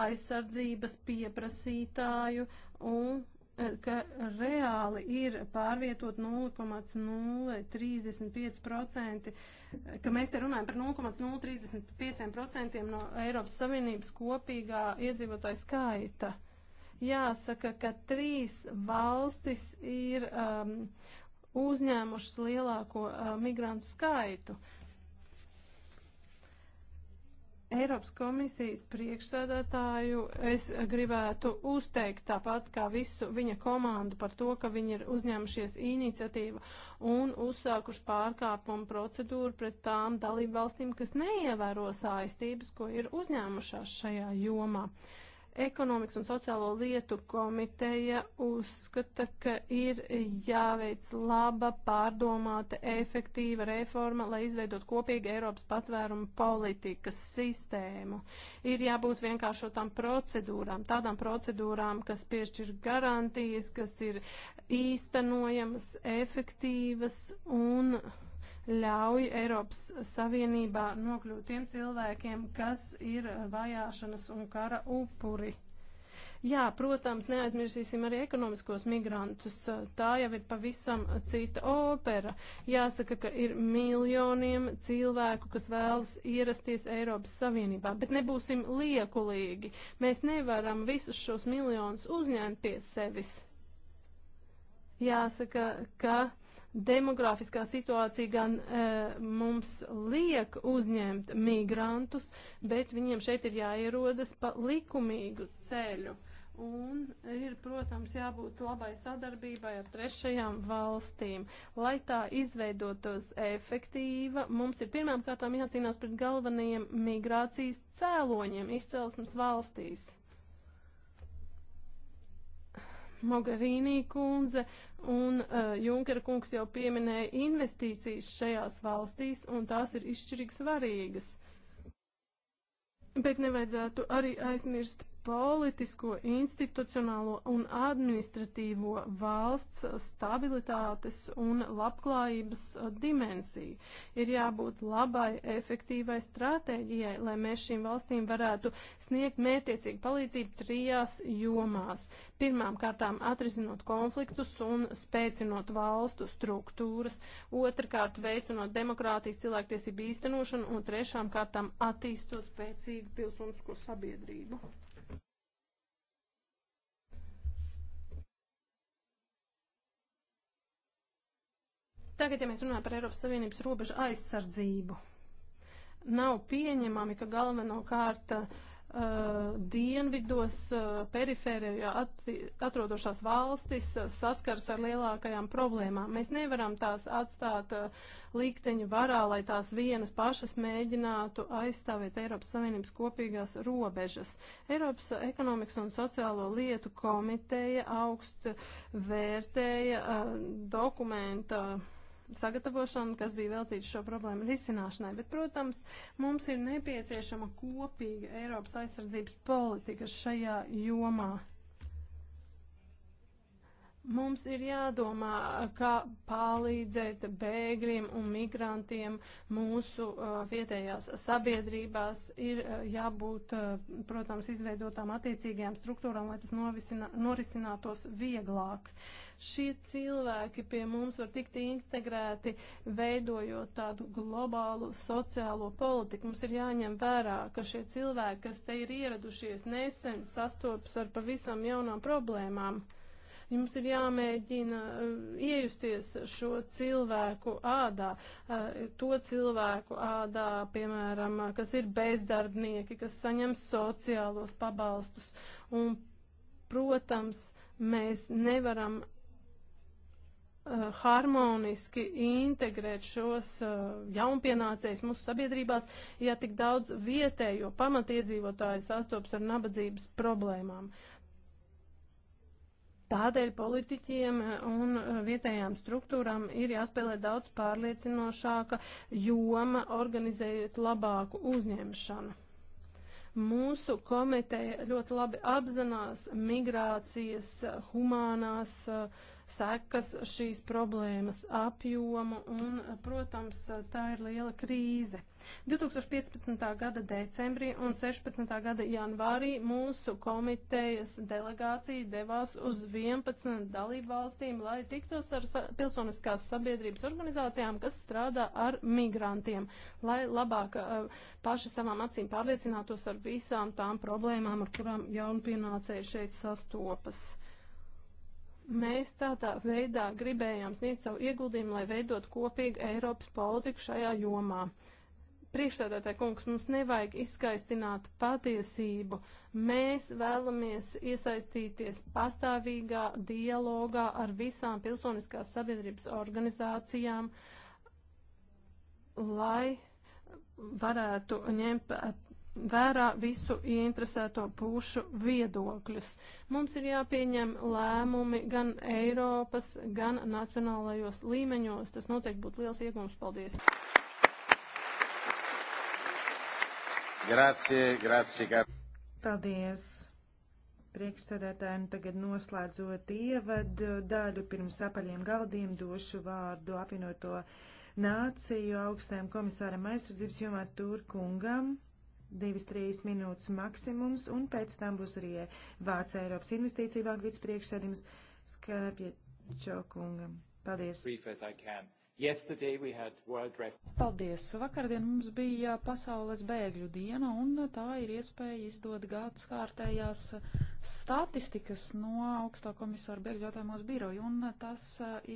aizsardzības pieprasītāju un e, ka reāli ir pārvietot 0,035%, ka mēs te runājam par 0,035% no Eiropas Savienības kopīgā iedzīvotāja skaita. Uh, Jāsaka, ka trīs valstis ir um, uzņēmušas lielāko uh, migrantu skaitu. Eiropas komisijas priekšsēdētāju es gribētu uzteikt tāpat kā visu viņa komandu par to, ka viņi ir uzņēmušies iniciatīvu un uzsākuši pārkāpumu procedūru pret tām dalību valstīm, kas neievēro saistības, ko ir uzņēmušās šajā jomā. Uh, Ekonomikas un sociālo lietu komiteja uzskata, ka ir jāveic laba, pārdomāta, efektīva reforma, lai izveidot kopīgu Eiropas patvērumu politikas sistēmu. Ir jābūt vienkāršotām procedūrām, tādām procedūrām, kas piešķir garantijas, kas ir īstenojamas, efektīvas un ļauj Eiropas Savienībā nokļūt tiem cilvēkiem, kas ir vajāšanas un kara upuri. Jā, protams, neaizmirsīsim arī ekonomiskos migrantus. Tā jau ir pavisam cita opera. Jāsaka, ka ir miljoniem cilvēku, kas vēlas ierasties Eiropas Savienībā, bet nebūsim liekulīgi. Mēs nevaram visus šos miljonus uzņemt pie sevis. Jāsaka, ka Demografiskā situācija gan e, mums liek uzņemt migrantus, bet viņiem šeit ir jāierodas pa likumīgu ceļu. Un ir, protams, jābūt labai sadarbībai ar trešajām valstīm. Lai tā izveidotos efektīva, mums ir pirmām kārtām jācīnās pret galvenajiem migrācijas cēloņiem izcelsmes valstīs. Mogarīnī kundze un uh, eh, Junkera kungs jau pieminēja investīcijas šajās valstīs, un tās ir izšķirīgi svarīgas. Bet nevajadzētu arī aizmirst politisko, institucionālo un administratīvo valsts stabilitātes un labklājības dimensiju. Ir jābūt labai, efektīvai stratēģijai, lai mēs šīm valstīm varētu sniegt mērtiecīgu palīdzību trijās jomās. Pirmām kārtām atrisinot konfliktus un spēcinot valstu struktūras, otrkārt veicinot demokrātijas cilvēktiesību īstenošanu un trešām kārtām attīstot spēcīgu pilsonisko sabiedrību. Tagad, ja mēs runājam par Eiropas Savienības robežu aizsardzību, nav pieņemami, ka galvenokārt uh, dienvidos uh, perifērijā at, atrodošās valstis uh, saskars ar lielākajām problēmām. Mēs nevaram tās atstāt uh, likteņu varā, lai tās vienas pašas mēģinātu aizstāvēt Eiropas Savienības kopīgās robežas. Eiropas ekonomikas un sociālo lietu komiteja augst vērtēja uh, dokumenta sagatavošanu, kas bija veltīts šo problēmu risināšanai. Bet, protams, mums ir nepieciešama kopīga Eiropas aizsardzības politika šajā jomā. Mums ir jādomā, kā palīdzēt bēgļiem un migrantiem mūsu uh, vietējās sabiedrībās. Ir uh, jābūt, uh, protams, izveidotām attiecīgajām struktūrām, lai tas novisina, norisinātos vieglāk. Šie cilvēki pie mums var tikt integrēti, veidojot tādu globālu sociālo politiku. Mums ir jāņem vērā, ka šie cilvēki, kas te ir ieradušies nesen, sastopas ar pavisam jaunām problēmām. Uh, Jums ir jāmēģina eh, iejusties šo cilvēku ādā, eh, to cilvēku ādā, piemēram, kas ir bezdarbnieki, kas saņem sociālos pabalstus. Un, protams, mēs nevaram eh, harmoniski integrēt šos jaunpienācējus mūsu sabiedrībās, ja tik daudz vietējo pamatiedzīvotāju sastops ar nabadzības problēmām. Tādēļ politiķiem e, un e, vietējām struktūrām ir jāspēlē daudz pārliecinošāka joma, organizējot labāku uzņemšanu. Mūsu komiteja ļoti labi apzinās migrācijas, e, humānās sekas šīs problēmas apjomu un, protams, tā ir liela krīze. 2015. gada decembrī un 16. gada janvārī mūsu komitejas delegācija devās uz 11 dalību valstīm, lai tiktos ar pilsoniskās sabiedrības organizācijām, kas strādā ar migrantiem, lai labāk uh, paši savām acīm pārliecinātos ar visām tām problēmām, ar kurām jaunpienācēji šeit sastopas. Mēs tādā veidā gribējām sniegt savu ieguldījumu, lai veidot kopīgu Eiropas politiku šajā jomā. Uh, Priekšstādātāji kungs, mums nevajag izskaistināt patiesību. Mēs vēlamies iesaistīties pastāvīgā dialogā ar visām pilsoniskās sabiedrības organizācijām, lai varētu ņemt vērā visu ieinteresēto pušu viedokļus. Mums ir jāpieņem lēmumi gan Eiropas, gan nacionālajos līmeņos. Tas noteikti būtu liels iegums. Paldies! Grazie, grazie, kā... Paldies priekšsēdētājiem. Nu, tagad noslēdzot ievadu daļu pirms apaļiem galdiem došu vārdu apvienoto nāciju augstajam komisāram aizsardzības jomā Turkungam. Divas, trīs minūtes maksimums, un pēc tam būs arī vārds Eiropas investīcija banka vicepriekšsēdījums Skāpja Čokungam. Paldies. Brief as I can. Paldies! Vakardien mums bija pasaules bēgļu diena, un tā ir iespēja izdot gads kārtējās statistikas no augstā komisāra bēgļu jautājumos biroju, un tas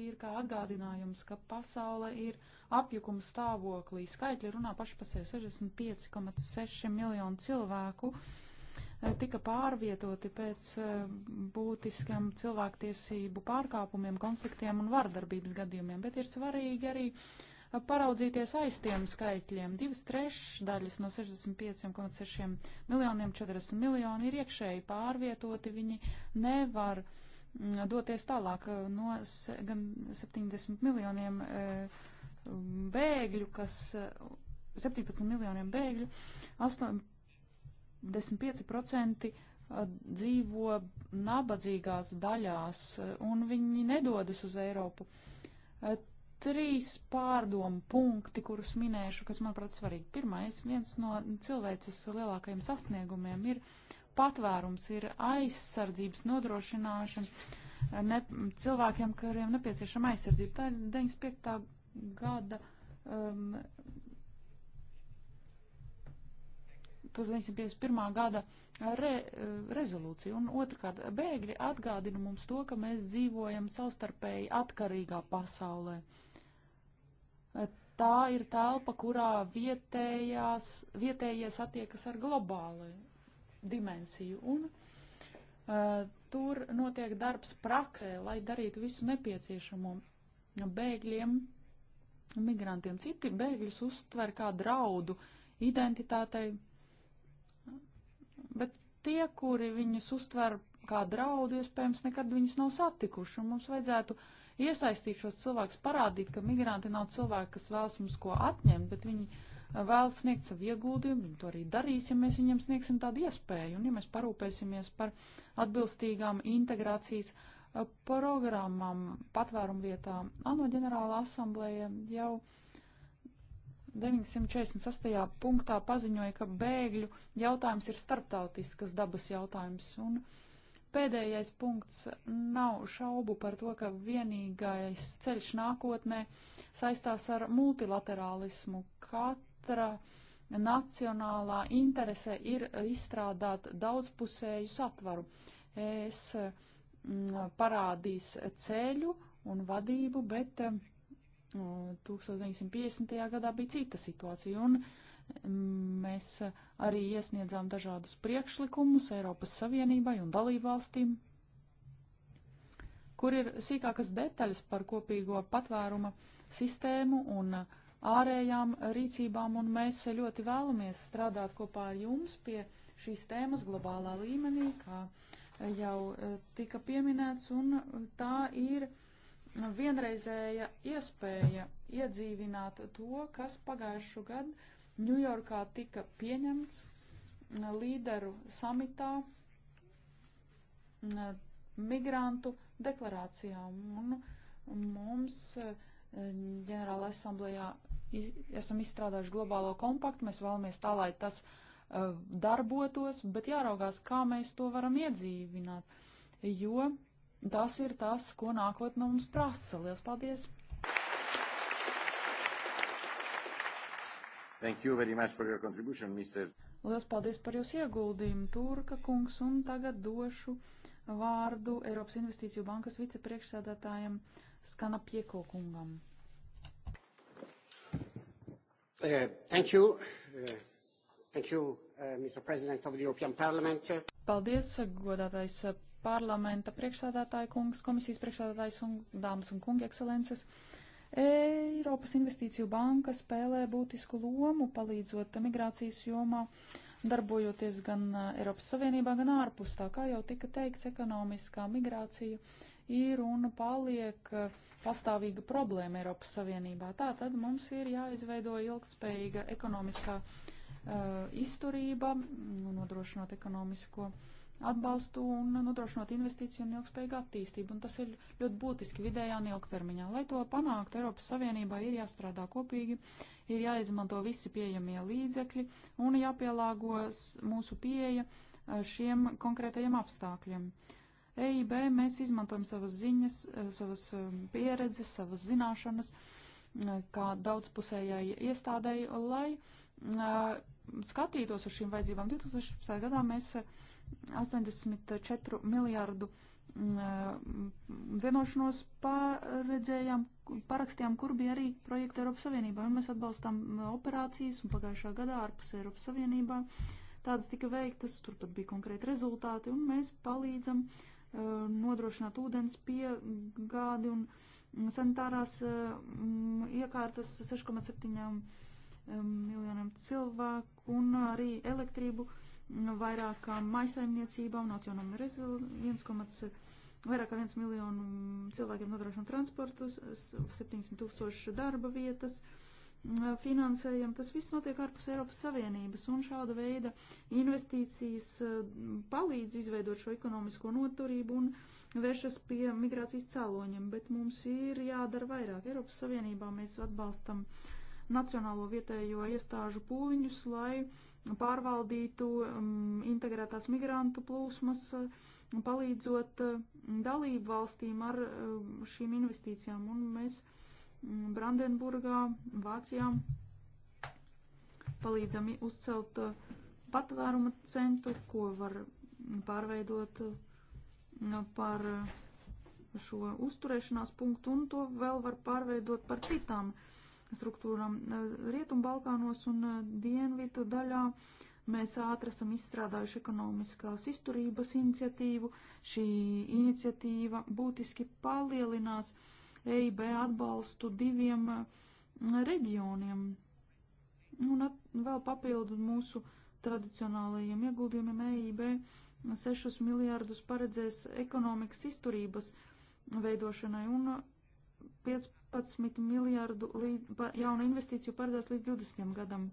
ir kā atgādinājums, ka pasaule ir apjukuma stāvoklī. Skaitļi runā paši pasē 65,6 miljonu cilvēku. Uh, Eh, tika pārvietoti pēc eh, būtiskam cilvēktiesību pārkāpumiem, konfliktiem un vardarbības gadījumiem, bet ir svarīgi arī eh, paraudzīties aiz tiem skaitļiem. Divas trešdaļas no 65,6 miljoniem 40 miljoni ir iekšēji pārvietoti, viņi nevar mm, doties tālāk no gan 70 miljoniem bēgļu, kas 17 miljoniem bēgļu, 8 95% uh, dzīvo nabadzīgās daļās, uh, un viņi nedodas uz Eiropu. Uh, trīs pārdomu punkti, kurus minēšu, kas, manuprāt, svarīgi. Pirmais, viens no cilvēces lielākajiem sasniegumiem ir patvērums, ir aizsardzības nodrošināšana ne, cilvēkiem, kuriem nepieciešama aizsardzība. Tā ir 95. gada um, 1951. gada eh, re, eh, rezolūciju. Un otrkārt, bēgļi atgādina mums to, ka mēs dzīvojam savstarpēji atkarīgā pasaulē. Eh, tā ir telpa, kurā vietējās, vietējie satiekas ar globālu dimensiju. Un, uh, tur notiek darbs praksē, lai darītu visu nepieciešamo bēgļiem, migrantiem. Citi bēgļus uztver kā draudu identitātei, tie, kuri viņus uztver kā draudu, iespējams, nekad viņus nav satikuši. Un mums vajadzētu iesaistīt šos cilvēkus, parādīt, ka migranti nav cilvēki, kas vēlas mums ko atņemt, bet viņi uh, vēlas sniegt savu ieguldījumu. Viņi to arī darīs, ja mēs viņiem sniegsim tādu iespēju. Un ja mēs parūpēsimies par atbilstīgām integrācijas uh, programmām, patvērumu vietām, ANO ģenerāla asamblēja jau 948. punktā paziņoja, ka bēgļu jautājums ir starptautiskas dabas jautājums. Un pēdējais punkts nav šaubu par to, ka vienīgais ceļš nākotnē saistās ar multilaterālismu. Katra nacionālā interese ir izstrādāt daudzpusēju satvaru. Es m, mm, parādīs ceļu un vadību, bet m, 1950. gadā bija cita situācija, un mm, mēs arī iesniedzām dažādus priekšlikumus Eiropas Savienībai un dalībvalstīm, kur ir sīkākas detaļas par kopīgo patvēruma sistēmu un ārējām rīcībām, un mēs ļoti vēlamies strādāt kopā ar jums pie šīs tēmas globālā līmenī, kā jau eh, tika pieminēts, un eh, tā ir Nu, vienreizēja iespēja iedzīvināt to, kas pagājušu gadu Ņujorkā tika pieņemts līderu samitā migrantu deklarācijām. Un mums ģenerāla asamblējā esam izstrādājuši globālo kompaktu, mēs vēlamies tā, lai tas e, darbotos, bet jāraugās, kā mēs to varam iedzīvināt, jo tas ir tas, ko nākotnē mums prasa. Lielas paldies! Thank you very much for your contribution, Mr. Lielas paldies par jūsu ieguldījumu, Turka kungs, un tagad došu vārdu Eiropas Investīciju bankas vicepriekšsēdētājiem Skana Pieko kungam. Uh, thank you. Uh, thank you, uh, Mr. President of the European Parliament. Paldies, godātais uh, parlamenta priekšsādātāja kungs, komisijas priekšsādātājs un dāmas un kungi ekscelences. Eiropas investīciju banka spēlē būtisku lomu, palīdzot migrācijas jomā, darbojoties gan uh, Eiropas Savienībā, gan ārpus tā. Kā jau tika teikts, ekonomiskā migrācija ir un paliek uh, pastāvīga problēma Eiropas Savienībā. Tā tad mums ir jāizveido ilgspējīga ekonomiskā uh, izturība, nodrošinot ekonomisko uh, atbalstu un nodrošinot investīciju un ilgspējīgu attīstību. Un tas ir ļoti būtiski vidējā un ilgtermiņā. Lai to panāktu, Eiropas Savienībā ir jāstrādā kopīgi, ir jāizmanto visi pieejamie līdzekļi un jāpielāgos mūsu pieeja eh, šiem konkrētajiem apstākļiem. EIB mēs izmantojam savas ziņas, eh, savas eh, pieredzes, savas zināšanas kā daudzpusējai iestādēji, lai skatītos uz šīm vajadzībām. 2016. gadā mēs uh, 84 miljārdu mm, eh, vienošanos paredzējām, parakstījām, kur bija arī projekti Eiropas Savienībā. Un mēs atbalstām eh, operācijas un pagājušā gadā ārpus Eiropas Savienībā. Tādas tika veiktas, turpat bija konkrēti rezultāti, un mēs palīdzam uh, nodrošināt ūdens piegādi un sanitārās um, iekārtas 6,7 miljoniem cilvēku un arī elektrību no nu, vairākām maisaimniecībām, no atjaunojuma resursa, vairāk kā 1 miljonu cilvēkiem nodrošina transportu, 700 tūkstoši darba vietas, finansējam. Tas viss notiek ārpus Eiropas Savienības, un šāda veida investīcijas e, palīdz izveidot šo ekonomisko noturību un vēršas pie migrācijas cēloņiem, bet mums ir jādara vairāk. Eiropas Savienībā mēs atbalstam nacionālo vietējo iestāžu pūliņus, lai uh, pārvaldītu um, integrētās migrantu plūsmas, um, palīdzot um, dalību valstīm ar šīm investīcijām. Un mēs Brandenburgā, Vācijā palīdzam uzcelt uh, patvēruma centru, ko var pārveidot uh, par uh, šo uzturēšanās punktu, un to vēl var pārveidot par citām uh, struktūram eh, Rietumbalkānos un eh, Dienvidu daļā. Mēs ātri esam izstrādājuši ekonomiskās izturības iniciatīvu. Šī iniciatīva būtiski palielinās EIB atbalstu diviem eh, reģioniem. Un at, vēl papildu mūsu tradicionālajiem ieguldījumiem EIB 6 miljārdus paredzēs ekonomikas izturības veidošanai un 15 miljārdu līd, jaunu investīciju paredzēts līdz 20 gadam.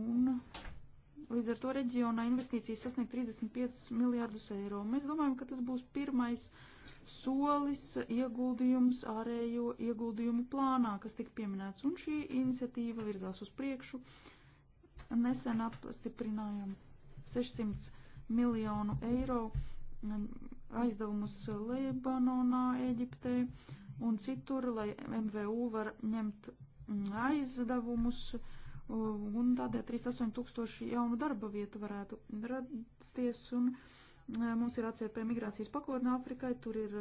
Un līdz ar to reģionā investīcijas sasniegt 35 miljārdus eiro. Mēs domājam, ka tas būs pirmais solis ieguldījums ārējo ieguldījumu plānā, kas tika pieminēts. Un šī iniciatīva virzās uz priekšu. Nesen apstiprinājām 600 miljonu eiro mm, aizdevumus Lebanonā, Eģiptē un citur, lai MVU var ņemt mm, aizdevumus, un tādēļ 38 tūkstoši jaunu darba vietu varētu rasties, un e, mums ir ACP migrācijas pakotne Afrikai, tur ir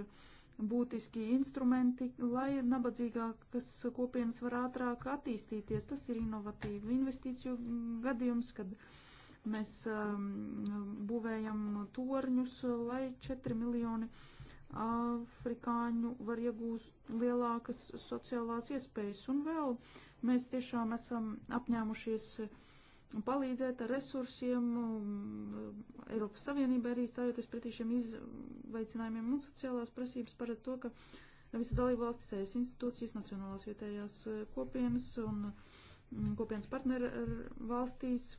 būtiski instrumenti, lai nabadzīgākas kopienas var ātrāk attīstīties. Tas ir inovatīvu investīciju gadījums, kad mēs e, būvējam torņus, lai 4 miljoni cilvēku afrikāņu var iegūst lielākas sociālās iespējas. Un vēl mēs tiešām esam apņēmušies palīdzēt ar resursiem. Eiropas Savienība arī stājoties pretī šiem izveicinājumiem un sociālās prasības paredz to, ka visas dalībvalstis, ES institūcijas, nacionālās vietējās kopienas un mm, kopienas partneru valstīs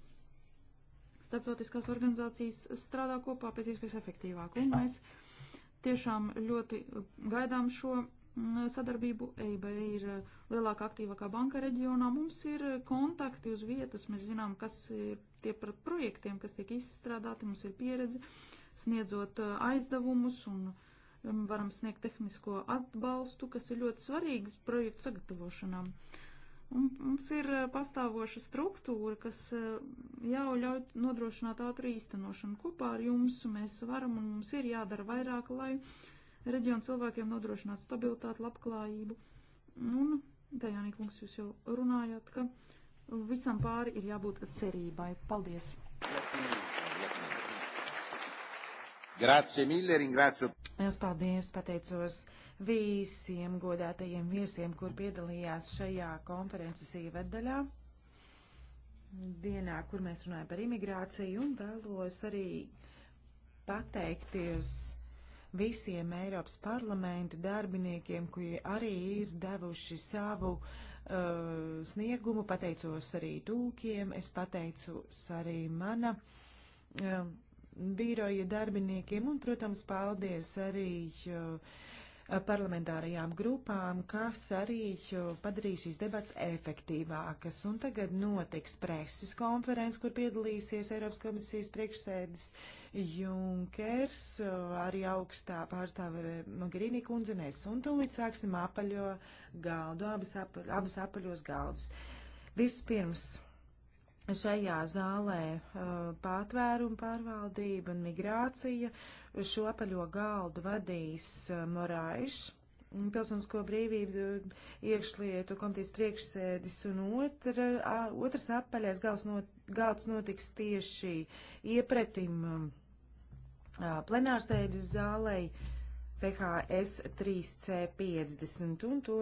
starptautiskās organizācijas strādā kopā pēc iespējas efektīvāk. Un mēs uh, tiešām ļoti gaidām šo mm, sadarbību. EIB ir e, lielākā aktīvākā banka reģionā. Mums ir kontakti uz vietas, mēs zinām, kas ir tie par projektiem, kas tiek izstrādāti, mums ir pieredze sniedzot e, aizdevumus un mm, varam sniegt tehnisko atbalstu, kas ir ļoti svarīgs projektu sagatavošanām. Uh, Mums ir pastāvoša struktūra, kas jau ļauj nodrošināt ātru īstenošanu. Kopā ar jums mēs varam un mums ir jādara vairāk, lai reģionu cilvēkiem nodrošinātu stabilitāti, labklājību. Un, Dejānī, kungs, jūs jau runājāt, ka visam pāri ir jābūt cerībai. Paldies! Grazie mille, ringrazio. Es paldies, pateicos visiem godātajiem viesiem, kur piedalījās šajā konferences ievadaļā dienā, kur mēs runājam par imigrāciju, un vēlos arī pateikties visiem Eiropas parlamenta darbiniekiem, kuri arī ir devuši savu uh, sniegumu. Pateicos arī tūkiem, es pateicos arī mana. Uh, biroja darbiniekiem un, protams, paldies arī uh, parlamentārajām grupām, kas arī padarīs šīs debats efektīvākas. Un tagad notiks preses konferences, kur piedalīsies Eiropas komisijas priekšsēdis Junkers, arī augstā pārstāve Magarīnī kundzenēs. Un tūlīt sāksim apaļo galdu, abas, apa, abas apaļos galdus. Vispirms šajā zālē uh, pātvērumu pārvaldība un migrācija. Šo apaļo galdu vadīs uh, Morāišs. Pilsonisko brīvību uh, iekšlietu komitejas priekšsēdis un otra, otrs apaļais galds, not, galds notiks tieši iepretim um, plenārsēdes zālei. PHS 3C50 un to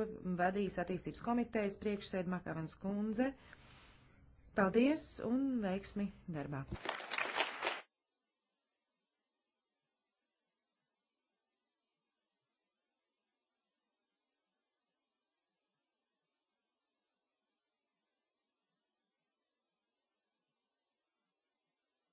vadīs attīstības komitejas priekšsēd Makavens kundze. Uh, Paldies un veiksmi darbā!